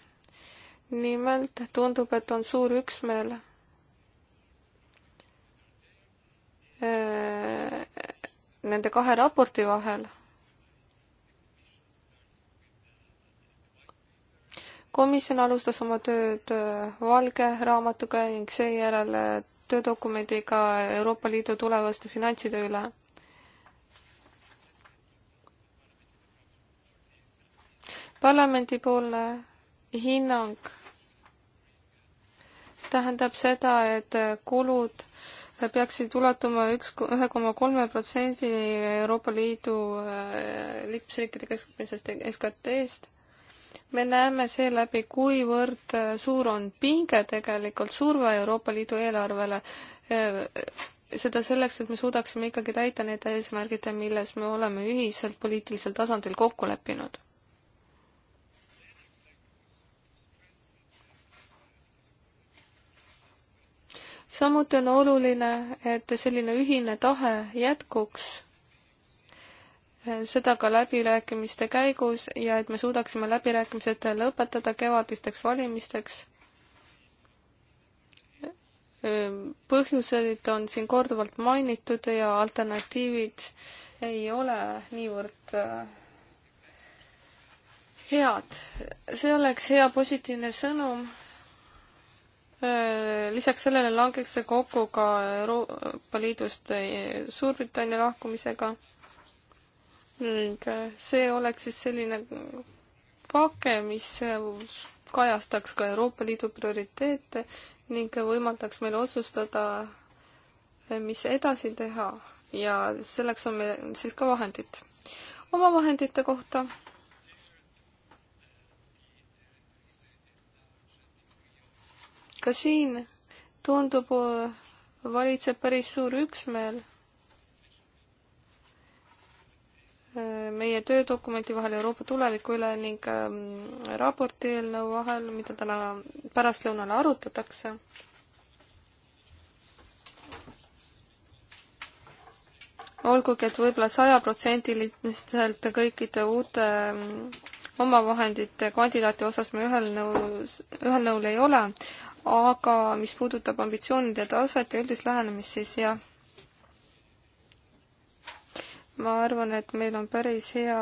nimelt tundub, et on suur üksmeel äh, nende kahe raporti vahel. komisjon alustas oma tööd äh, valge raamatuga ning seejärel töödokumendiga Euroopa Liidu tulevaste finantside üle parlamendipoolne hinnang tähendab seda, et kulud peaksid ulatuma üks, ühe koma kolme protsendini Euroopa Liidu äh, liikmesriikide keskmisest SKT-st. me näeme seeläbi, kuivõrd äh, suur on pinge tegelikult surve Euroopa Liidu eelarvele. Äh, seda selleks, et me suudaksime ikkagi täita need eesmärgid, milles me oleme ühiselt poliitilisel tasandil kokku leppinud samuti on oluline, et selline ühine tahe jätkuks, seda ka läbirääkimiste käigus ja et me suudaksime läbirääkimised lõpetada kevadisteks valimisteks põhjused on siin korduvalt mainitud ja alternatiivid ei ole niivõrd äh, head. see oleks hea positiivne sõnum Äh, lisaks sellele langeks see kokku ka Euroopa Liidust äh, Suurbritannia lahkumisega ning äh, see oleks siis selline pake, mis kajastaks ka Euroopa Liidu prioriteete ning võimaldaks meil otsustada, mis edasi teha ja selleks on meil siis ka vahendid. oma vahendite kohta ka siin tundub, äh, valitseb päris suur üksmeel äh, meie töödokumenti vahel Euroopa tuleviku üle ning ähm, raporti eelnõu vahel, mida täna pärastlõunal arutatakse. olgugi, et võib-olla sajaprotsendiliselt kõikide uute ähm, omavahendite kandidaati osas me ühel nõus, ühel nõul ei ole, aga mis puudutab ambitsioonide taset ja üldist lähenemist, siis jah, ma arvan, et meil on päris hea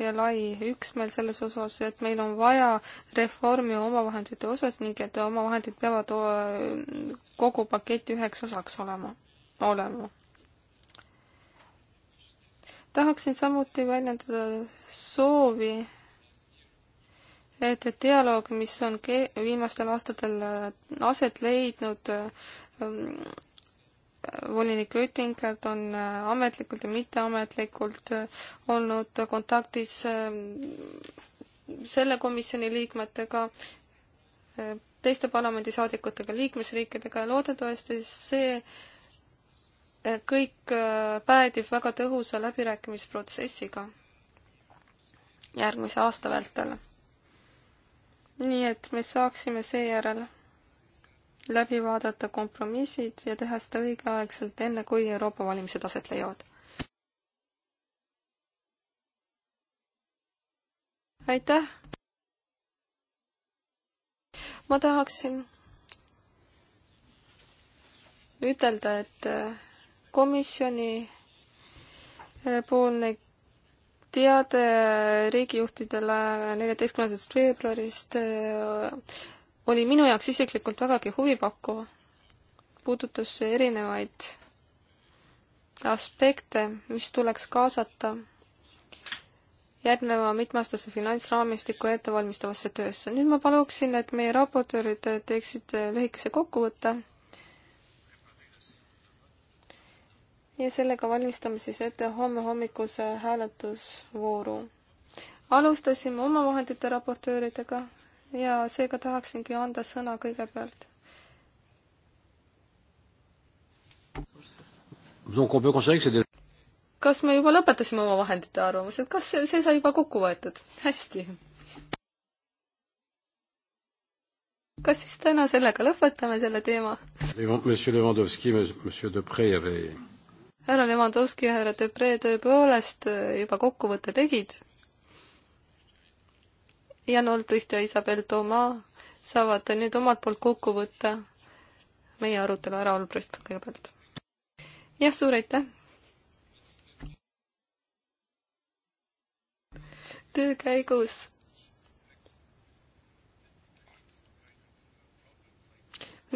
ja lai üksmeel selles osas, et meil on vaja reformi omavahendite osas ning et omavahendid peavad äh, kogu paketi üheks osaks olema, olema. tahaksin samuti väljendada soovi et dialoog, mis on viimastel aastatel äh, aset leidnud ähm, volinik Oettingert on äh, ametlikult ja mitteametlikult äh, olnud kontaktis ähm, selle komisjoni liikmetega, teiste parlamendisaadikutega, liikmesriikidega ja loodetavasti see kõik päädib väga tõhusa läbirääkimisprotsessiga järgmise aasta vältel nii et me saaksime seejärel läbi vaadata kompromissid ja teha seda õigeaegselt, enne kui Euroopa valimised aset leiavad. aitäh! ma tahaksin ütelda, et komisjoni poolne teade riigijuhtidele neljateistkümnendast veebruarist äh, oli minu jaoks isiklikult vägagi huvipakkuv. puudutas erinevaid aspekte, mis tuleks kaasata järgneva mitmeaastase finantsraamistiku ettevalmistavasse töösse. nüüd ma paluksin, et meie raportöörid teeksid lühikese kokkuvõtte ja sellega valmistame siis ette homme hommikuse hääletusvooru. alustasime omavahendite raportööridega ja seega tahaksingi anda sõna kõigepealt. kas me juba lõpetasime omavahendite arvamused, kas see, see sai juba kokku võetud? hästi. kas siis täna sellega lõpetame selle teema? Monsieur Lewandowski, monsieur Depree avait härra Levandovski ja härra Debre tõepoolest äh, juba kokkuvõtte tegid. Jan Olbricht ja Isabel Toma saavad nüüd omalt poolt kokku võtta meie arutelu ära, Olbricht kõigepealt. jah, suur aitäh! töö käigus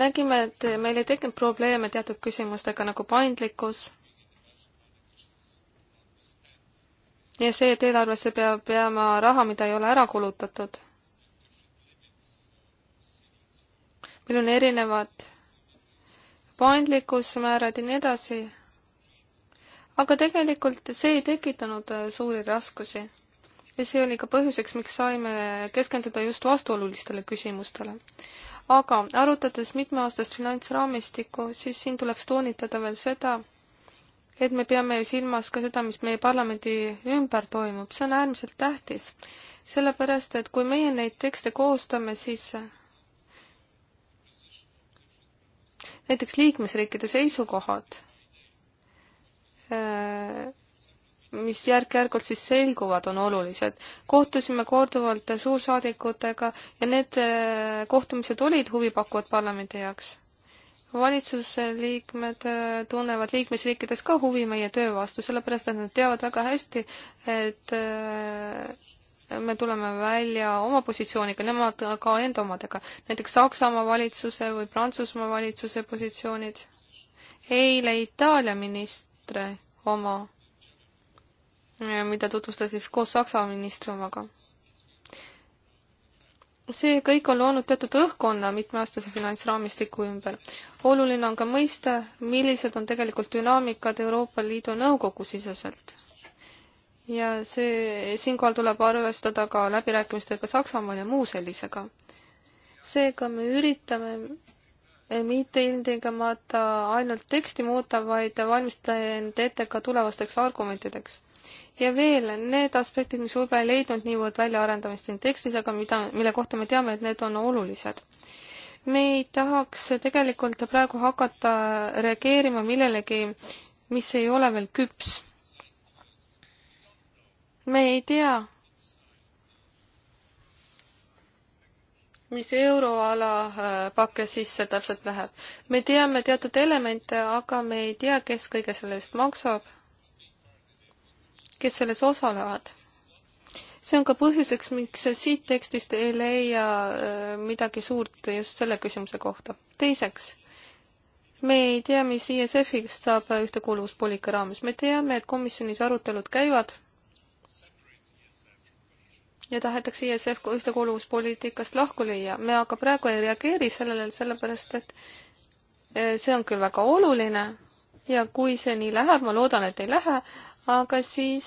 nägime, et meil ei tekkinud probleeme teatud küsimustega nagu paindlikkus ja see, et eelarvesse peab jääma raha, mida ei ole ära kulutatud. meil on erinevad paindlikkusmäärad ja nii edasi. aga tegelikult see ei tekitanud äh, suuri raskusi. ja see oli ka põhjuseks, miks saime keskenduda just vastuolulistele küsimustele. aga arutades mitmeaastast finantsraamistikku, siis siin tuleks toonitada veel seda, et me peame silmas ka seda, mis meie parlamendi ümber toimub, see on äärmiselt tähtis. sellepärast, et kui meie neid tekste koostame, siis näiteks liikmesriikide seisukohad, äh, mis järk-järgult siis selguvad, on olulised. kohtusime korduvalt suursaadikutega ja need äh, kohtumised olid huvipakkuvad parlamendi jaoks valitsusliikmed äh, tunnevad liikmesriikides ka huvi meie töö vastu, sellepärast et nad teavad väga hästi, et äh, me tuleme välja oma positsiooniga, nemad ka enda omadega. näiteks Saksamaa valitsuse või Prantsusmaa valitsuse positsioonid. eile Itaalia ministre oma, äh, mida tutvustas siis koos Saksa ministri omaga see kõik on loonud teatud õhkkonna mitmeaastase finantsraamistiku ümber. oluline on ka mõista, millised on tegelikult dünaamikad Euroopa Liidu Nõukogu siseselt. ja see, siinkohal tuleb arvestada ka läbirääkimistega Saksamaal ja muu sellisega. seega me üritame mitte ilmtingimata ainult teksti muuta, vaid valmistada end ette ka tulevasteks argumentideks ja veel need aspektid, mis võib-olla ei leidnud niivõrd väljaarendamist siin tekstis, aga mida, mille kohta me teame, et need on olulised. me ei tahaks tegelikult praegu hakata reageerima millelegi, mis ei ole veel küps. me ei tea, mis euroala äh, pakke sisse täpselt läheb. me teame teatud elemente, aga me ei tea, kes kõige selle eest maksab kes selles osalevad. see on ka põhjuseks, miks siit tekstist ei leia äh, midagi suurt just selle küsimuse kohta. teiseks, me ei tea, mis ISF-ist saab ühtekuuluvuspoliitika raames, me teame, et komisjonis arutelud käivad ja tahetakse ISF ühtekuuluvuspoliitikast lahku lüüa. me aga praegu ei reageeri sellele, sellepärast et äh, see on küll väga oluline ja kui see nii läheb, ma loodan, et ei lähe, aga siis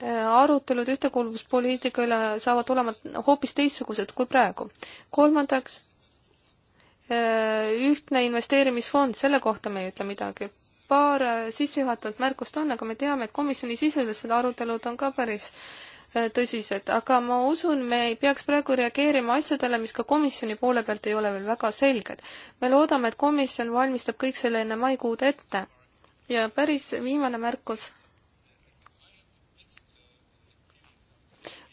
äh, arutelud ühtekuuluvuspoliitika üle saavad olema hoopis teistsugused kui praegu. kolmandaks, äh, ühtne investeerimisfond, selle kohta me ei ütle midagi. paar äh, sissejuhatavat märkust on, aga me teame, et komisjoni sisesed arutelud on ka päris tõsised, aga ma usun, me ei peaks praegu reageerima asjadele, mis ka komisjoni poole pealt ei ole veel väga selged. me loodame, et komisjon valmistab kõik selle enne maikuud ette ja päris viimane märkus.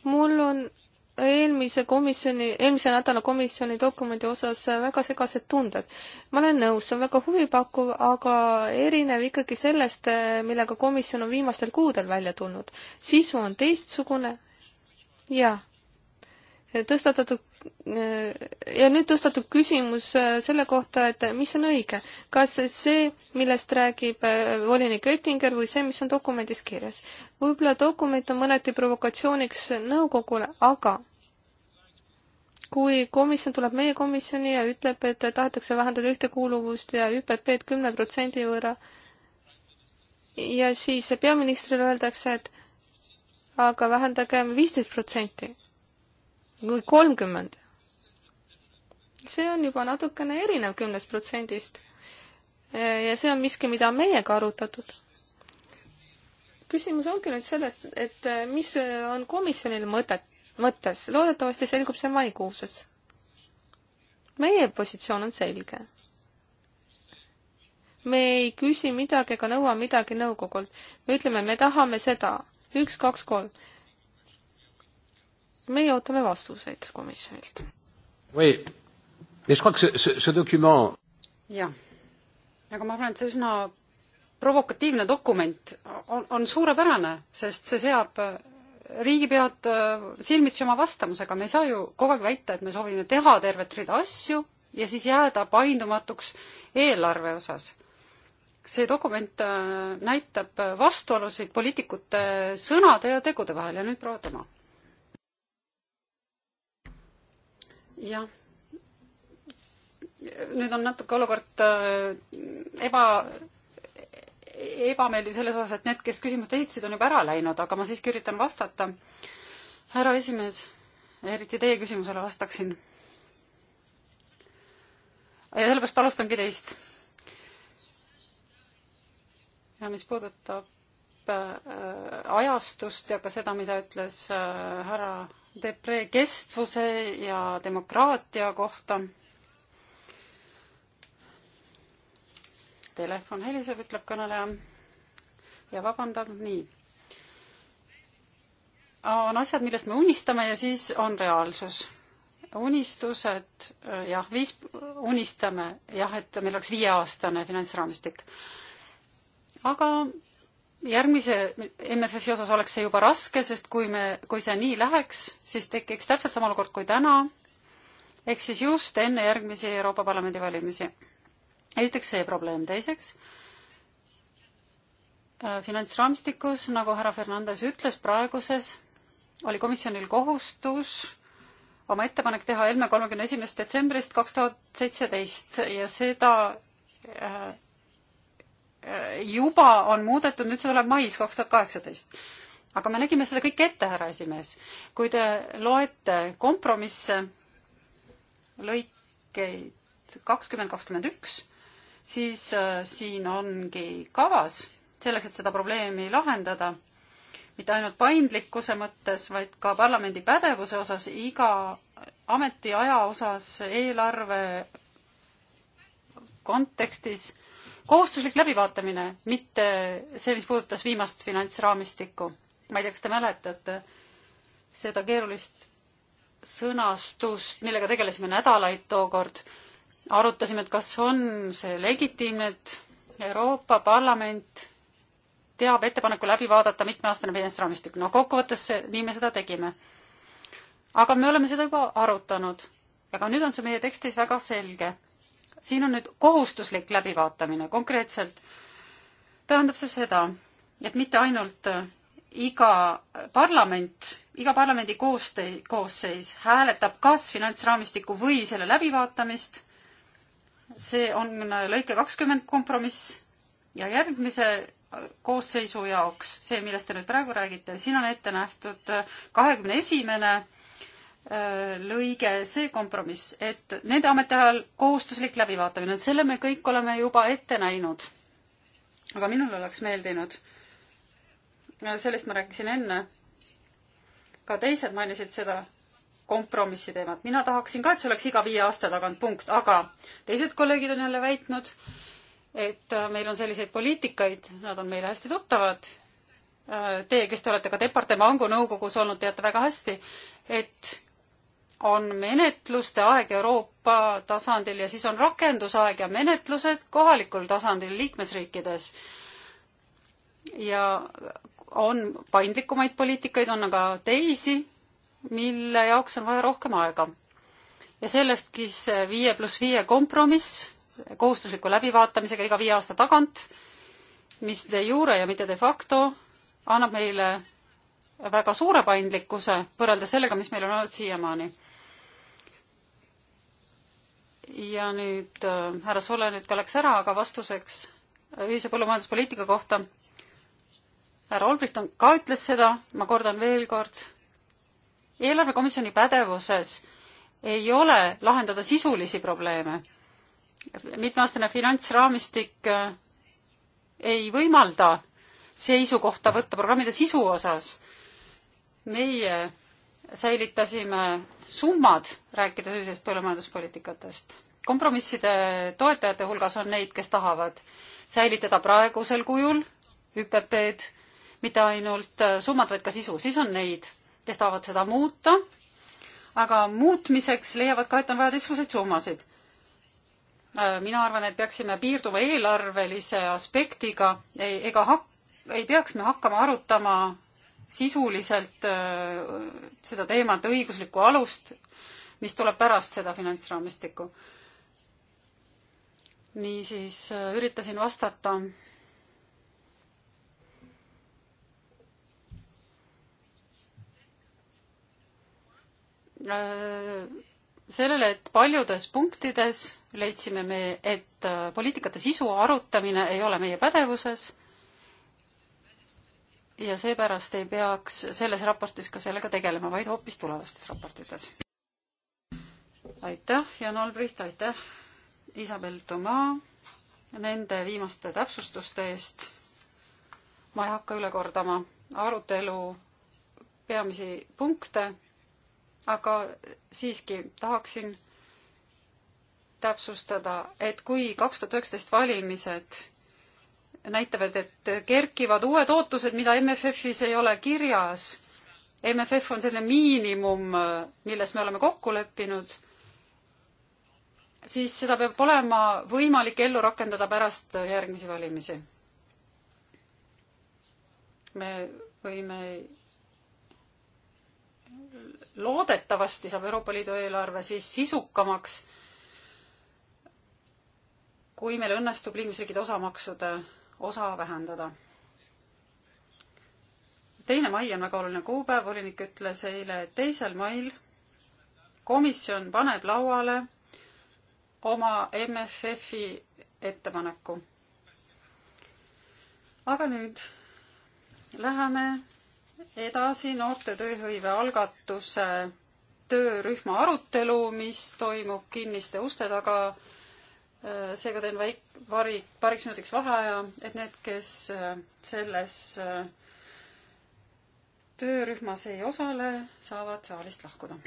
mul on eelmise komisjoni, eelmise nädala komisjoni dokumendi osas väga segased tunded. ma olen nõus, see on väga huvipakkuv, aga erinev ikkagi sellest, millega komisjon on viimastel kuudel välja tulnud. sisu on teistsugune ja tõstatatud ja nüüd tõstatub küsimus äh, selle kohta, et mis on õige, kas see, millest räägib äh, volinik Oettinger või see, mis on dokumendis kirjas. võib-olla dokument on mõneti provokatsiooniks nõukogule, aga kui komisjon tuleb meie komisjoni ja ütleb, et tahetakse vähendada ühtekuuluvust ja ÜPP-d kümne protsendi võrra ja siis peaministrile öeldakse, et aga vähendagem viisteist protsenti kui kolmkümmend. see on juba natukene erinev kümnest protsendist. ja see on miski, mida on meiega arutatud. küsimus ongi nüüd selles, et eh, mis on komisjonil mõtet, mõttes, loodetavasti selgub see maikuuses. meie positsioon on selge. me ei küsi midagi ega nõua midagi nõukogult. me ütleme, me tahame seda, üks, kaks, kolm meie ootame vastuseid komisjonilt. jah, aga ma arvan, et see üsna provokatiivne dokument on, on suurepärane, sest see seab äh, riigipead äh, silmitsi oma vastamusega, me ei saa ju kogu aeg väita, et me soovime teha tervet rida asju ja siis jääda paindumatuks eelarve osas. see dokument äh, näitab vastuolusid poliitikute sõnade ja tegude vahel ja nüüd proua Toma. jah, nüüd on natuke olukord äh, eba, ebameeldiv selles osas, et need, kes küsimust esitasid, on juba ära läinud, aga ma siiski üritan vastata. härra esimees, eriti teie küsimusele vastaksin. ja sellepärast alustangi teist. ja mis puudutab äh, ajastust ja ka seda, mida ütles äh, härra Depre kestvuse ja demokraatia kohta. Telefon heliseb, ütleb kõneleja ja vabandab, nii. on asjad, millest me unistame ja siis on reaalsus. unistused, jah, viis, unistame jah, et meil oleks viieaastane finantsraamistik. aga järgmise MFF-i osas oleks see juba raske, sest kui me, kui see nii läheks, siis tekiks täpselt sama olukord kui täna, ehk siis just enne järgmisi Euroopa Parlamendi valimisi. esiteks see probleem, teiseks äh, finantsraamistikus, nagu härra Fernandes ütles, praeguses oli komisjonil kohustus oma ettepanek teha enne kolmekümne esimesest detsembrist kaks tuhat seitseteist ja seda äh, juba on muudetud, nüüd see tuleb mais kaks tuhat kaheksateist. aga me nägime seda kõike ette, härra esimees. kui te loete kompromisse, lõikeid kakskümmend, kakskümmend üks, siis äh, siin ongi kavas selleks, et seda probleemi lahendada, mitte ainult paindlikkuse mõttes, vaid ka parlamendi pädevuse osas, iga ametiaja osas, eelarve kontekstis kohustuslik läbivaatamine, mitte see, mis puudutas viimast finantsraamistikku. ma ei tea, kas te mäletate seda keerulist sõnastust, millega tegelesime nädalaid tookord. arutasime, et kas on see legitiimne, et Euroopa Parlament teab ettepaneku läbi vaadata mitmeaastane finantsraamistik. no kokkuvõttes see, nii me seda tegime. aga me oleme seda juba arutanud. aga nüüd on see meie tekstis väga selge siin on nüüd kohustuslik läbivaatamine konkreetselt. tähendab see seda, et mitte ainult äh, iga parlament, iga parlamendi koostöö, koosseis hääletab kas finantsraamistiku või selle läbivaatamist. see on äh, lõike kakskümmend kompromiss ja järgmise äh, koosseisu jaoks, see, millest te nüüd praegu räägite, siin on ette nähtud kahekümne esimene Äh, lõige, see kompromiss, et nende ametiajal kohustuslik läbivaatamine, et selle me kõik oleme juba ette näinud. aga minul oleks meeldinud, äh, sellest ma rääkisin enne, ka teised mainisid seda kompromissi teemat, mina tahaksin ka, et see oleks iga viie aasta tagant punkt, aga teised kolleegid on jälle väitnud, et äh, meil on selliseid poliitikaid, nad on meile hästi tuttavad, teie, kes te olete ka departemangu nõukogus olnud, teate väga hästi, et on menetluste aeg Euroopa tasandil ja siis on rakendusaeg ja menetlused kohalikul tasandil liikmesriikides. ja on paindlikumaid poliitikaid, on aga teisi, mille jaoks on vaja rohkem aega. ja sellestki see viie pluss viie kompromiss kohustusliku läbivaatamisega iga viie aasta tagant, mis de jure ja mitte de facto annab meile väga suure paindlikkuse võrreldes sellega, mis meil on olnud siiamaani ja nüüd äh, härra Solle nüüd ka läks ära, aga vastuseks äh, ühise põllumajanduspoliitika kohta. härra Olbricht on, ka ütles seda, ma kordan veel kord, eelarvekomisjoni pädevuses ei ole lahendada sisulisi probleeme. mitmeaastane finantsraamistik äh, ei võimalda seisukohta võtta programmide sisu osas. meie säilitasime summad, rääkides ühisest põllumajanduspoliitikatest. kompromisside toetajate hulgas on neid, kes tahavad säilitada praegusel kujul ÜPP-d, mitte ainult äh, summad, vaid ka sisu, siis on neid, kes tahavad seda muuta, aga muutmiseks leiavad ka, et on vaja teistsuguseid summasid. Äh, mina arvan, et peaksime piirduma eelarvelise aspektiga, ega hak-, ei peaks me hakkama arutama sisuliselt äh, seda teemat, õiguslikku alust, mis tuleb pärast seda finantsraamistikku. niisiis äh, üritasin vastata äh, sellele, et paljudes punktides leidsime me, et poliitikate sisu arutamine ei ole meie pädevuses ja seepärast ei peaks selles raportis ka sellega tegelema, vaid hoopis tulevastes raportites. aitäh, Jan Albrecht, aitäh, Isabel Toma nende viimaste täpsustuste eest. ma ei hakka üle kordama arutelu peamisi punkte, aga siiski tahaksin täpsustada, et kui kaks tuhat üheksateist valimised näitavad, et kerkivad uued ootused, mida MFF-is ei ole kirjas. MFF on selline miinimum, milles me oleme kokku leppinud, siis seda peab olema võimalik ellu rakendada pärast järgmisi valimisi. me võime, loodetavasti saab Euroopa Liidu eelarve siis sisukamaks, kui meil õnnestub liikmesriikide osamaksude osa vähendada. teine mai on väga oluline kuupäev, volinik ütles eile, et teisel mail komisjon paneb lauale oma MFF-i ettepaneku. aga nüüd läheme edasi noorte tööhõive algatuse töörühma arutelu, mis toimub kinniste uste taga Äh, seega teen väik-, vari-, paariks minutiks vaheaja, et need, kes äh, selles äh, töörühmas ei osale, saavad saalist lahkuda.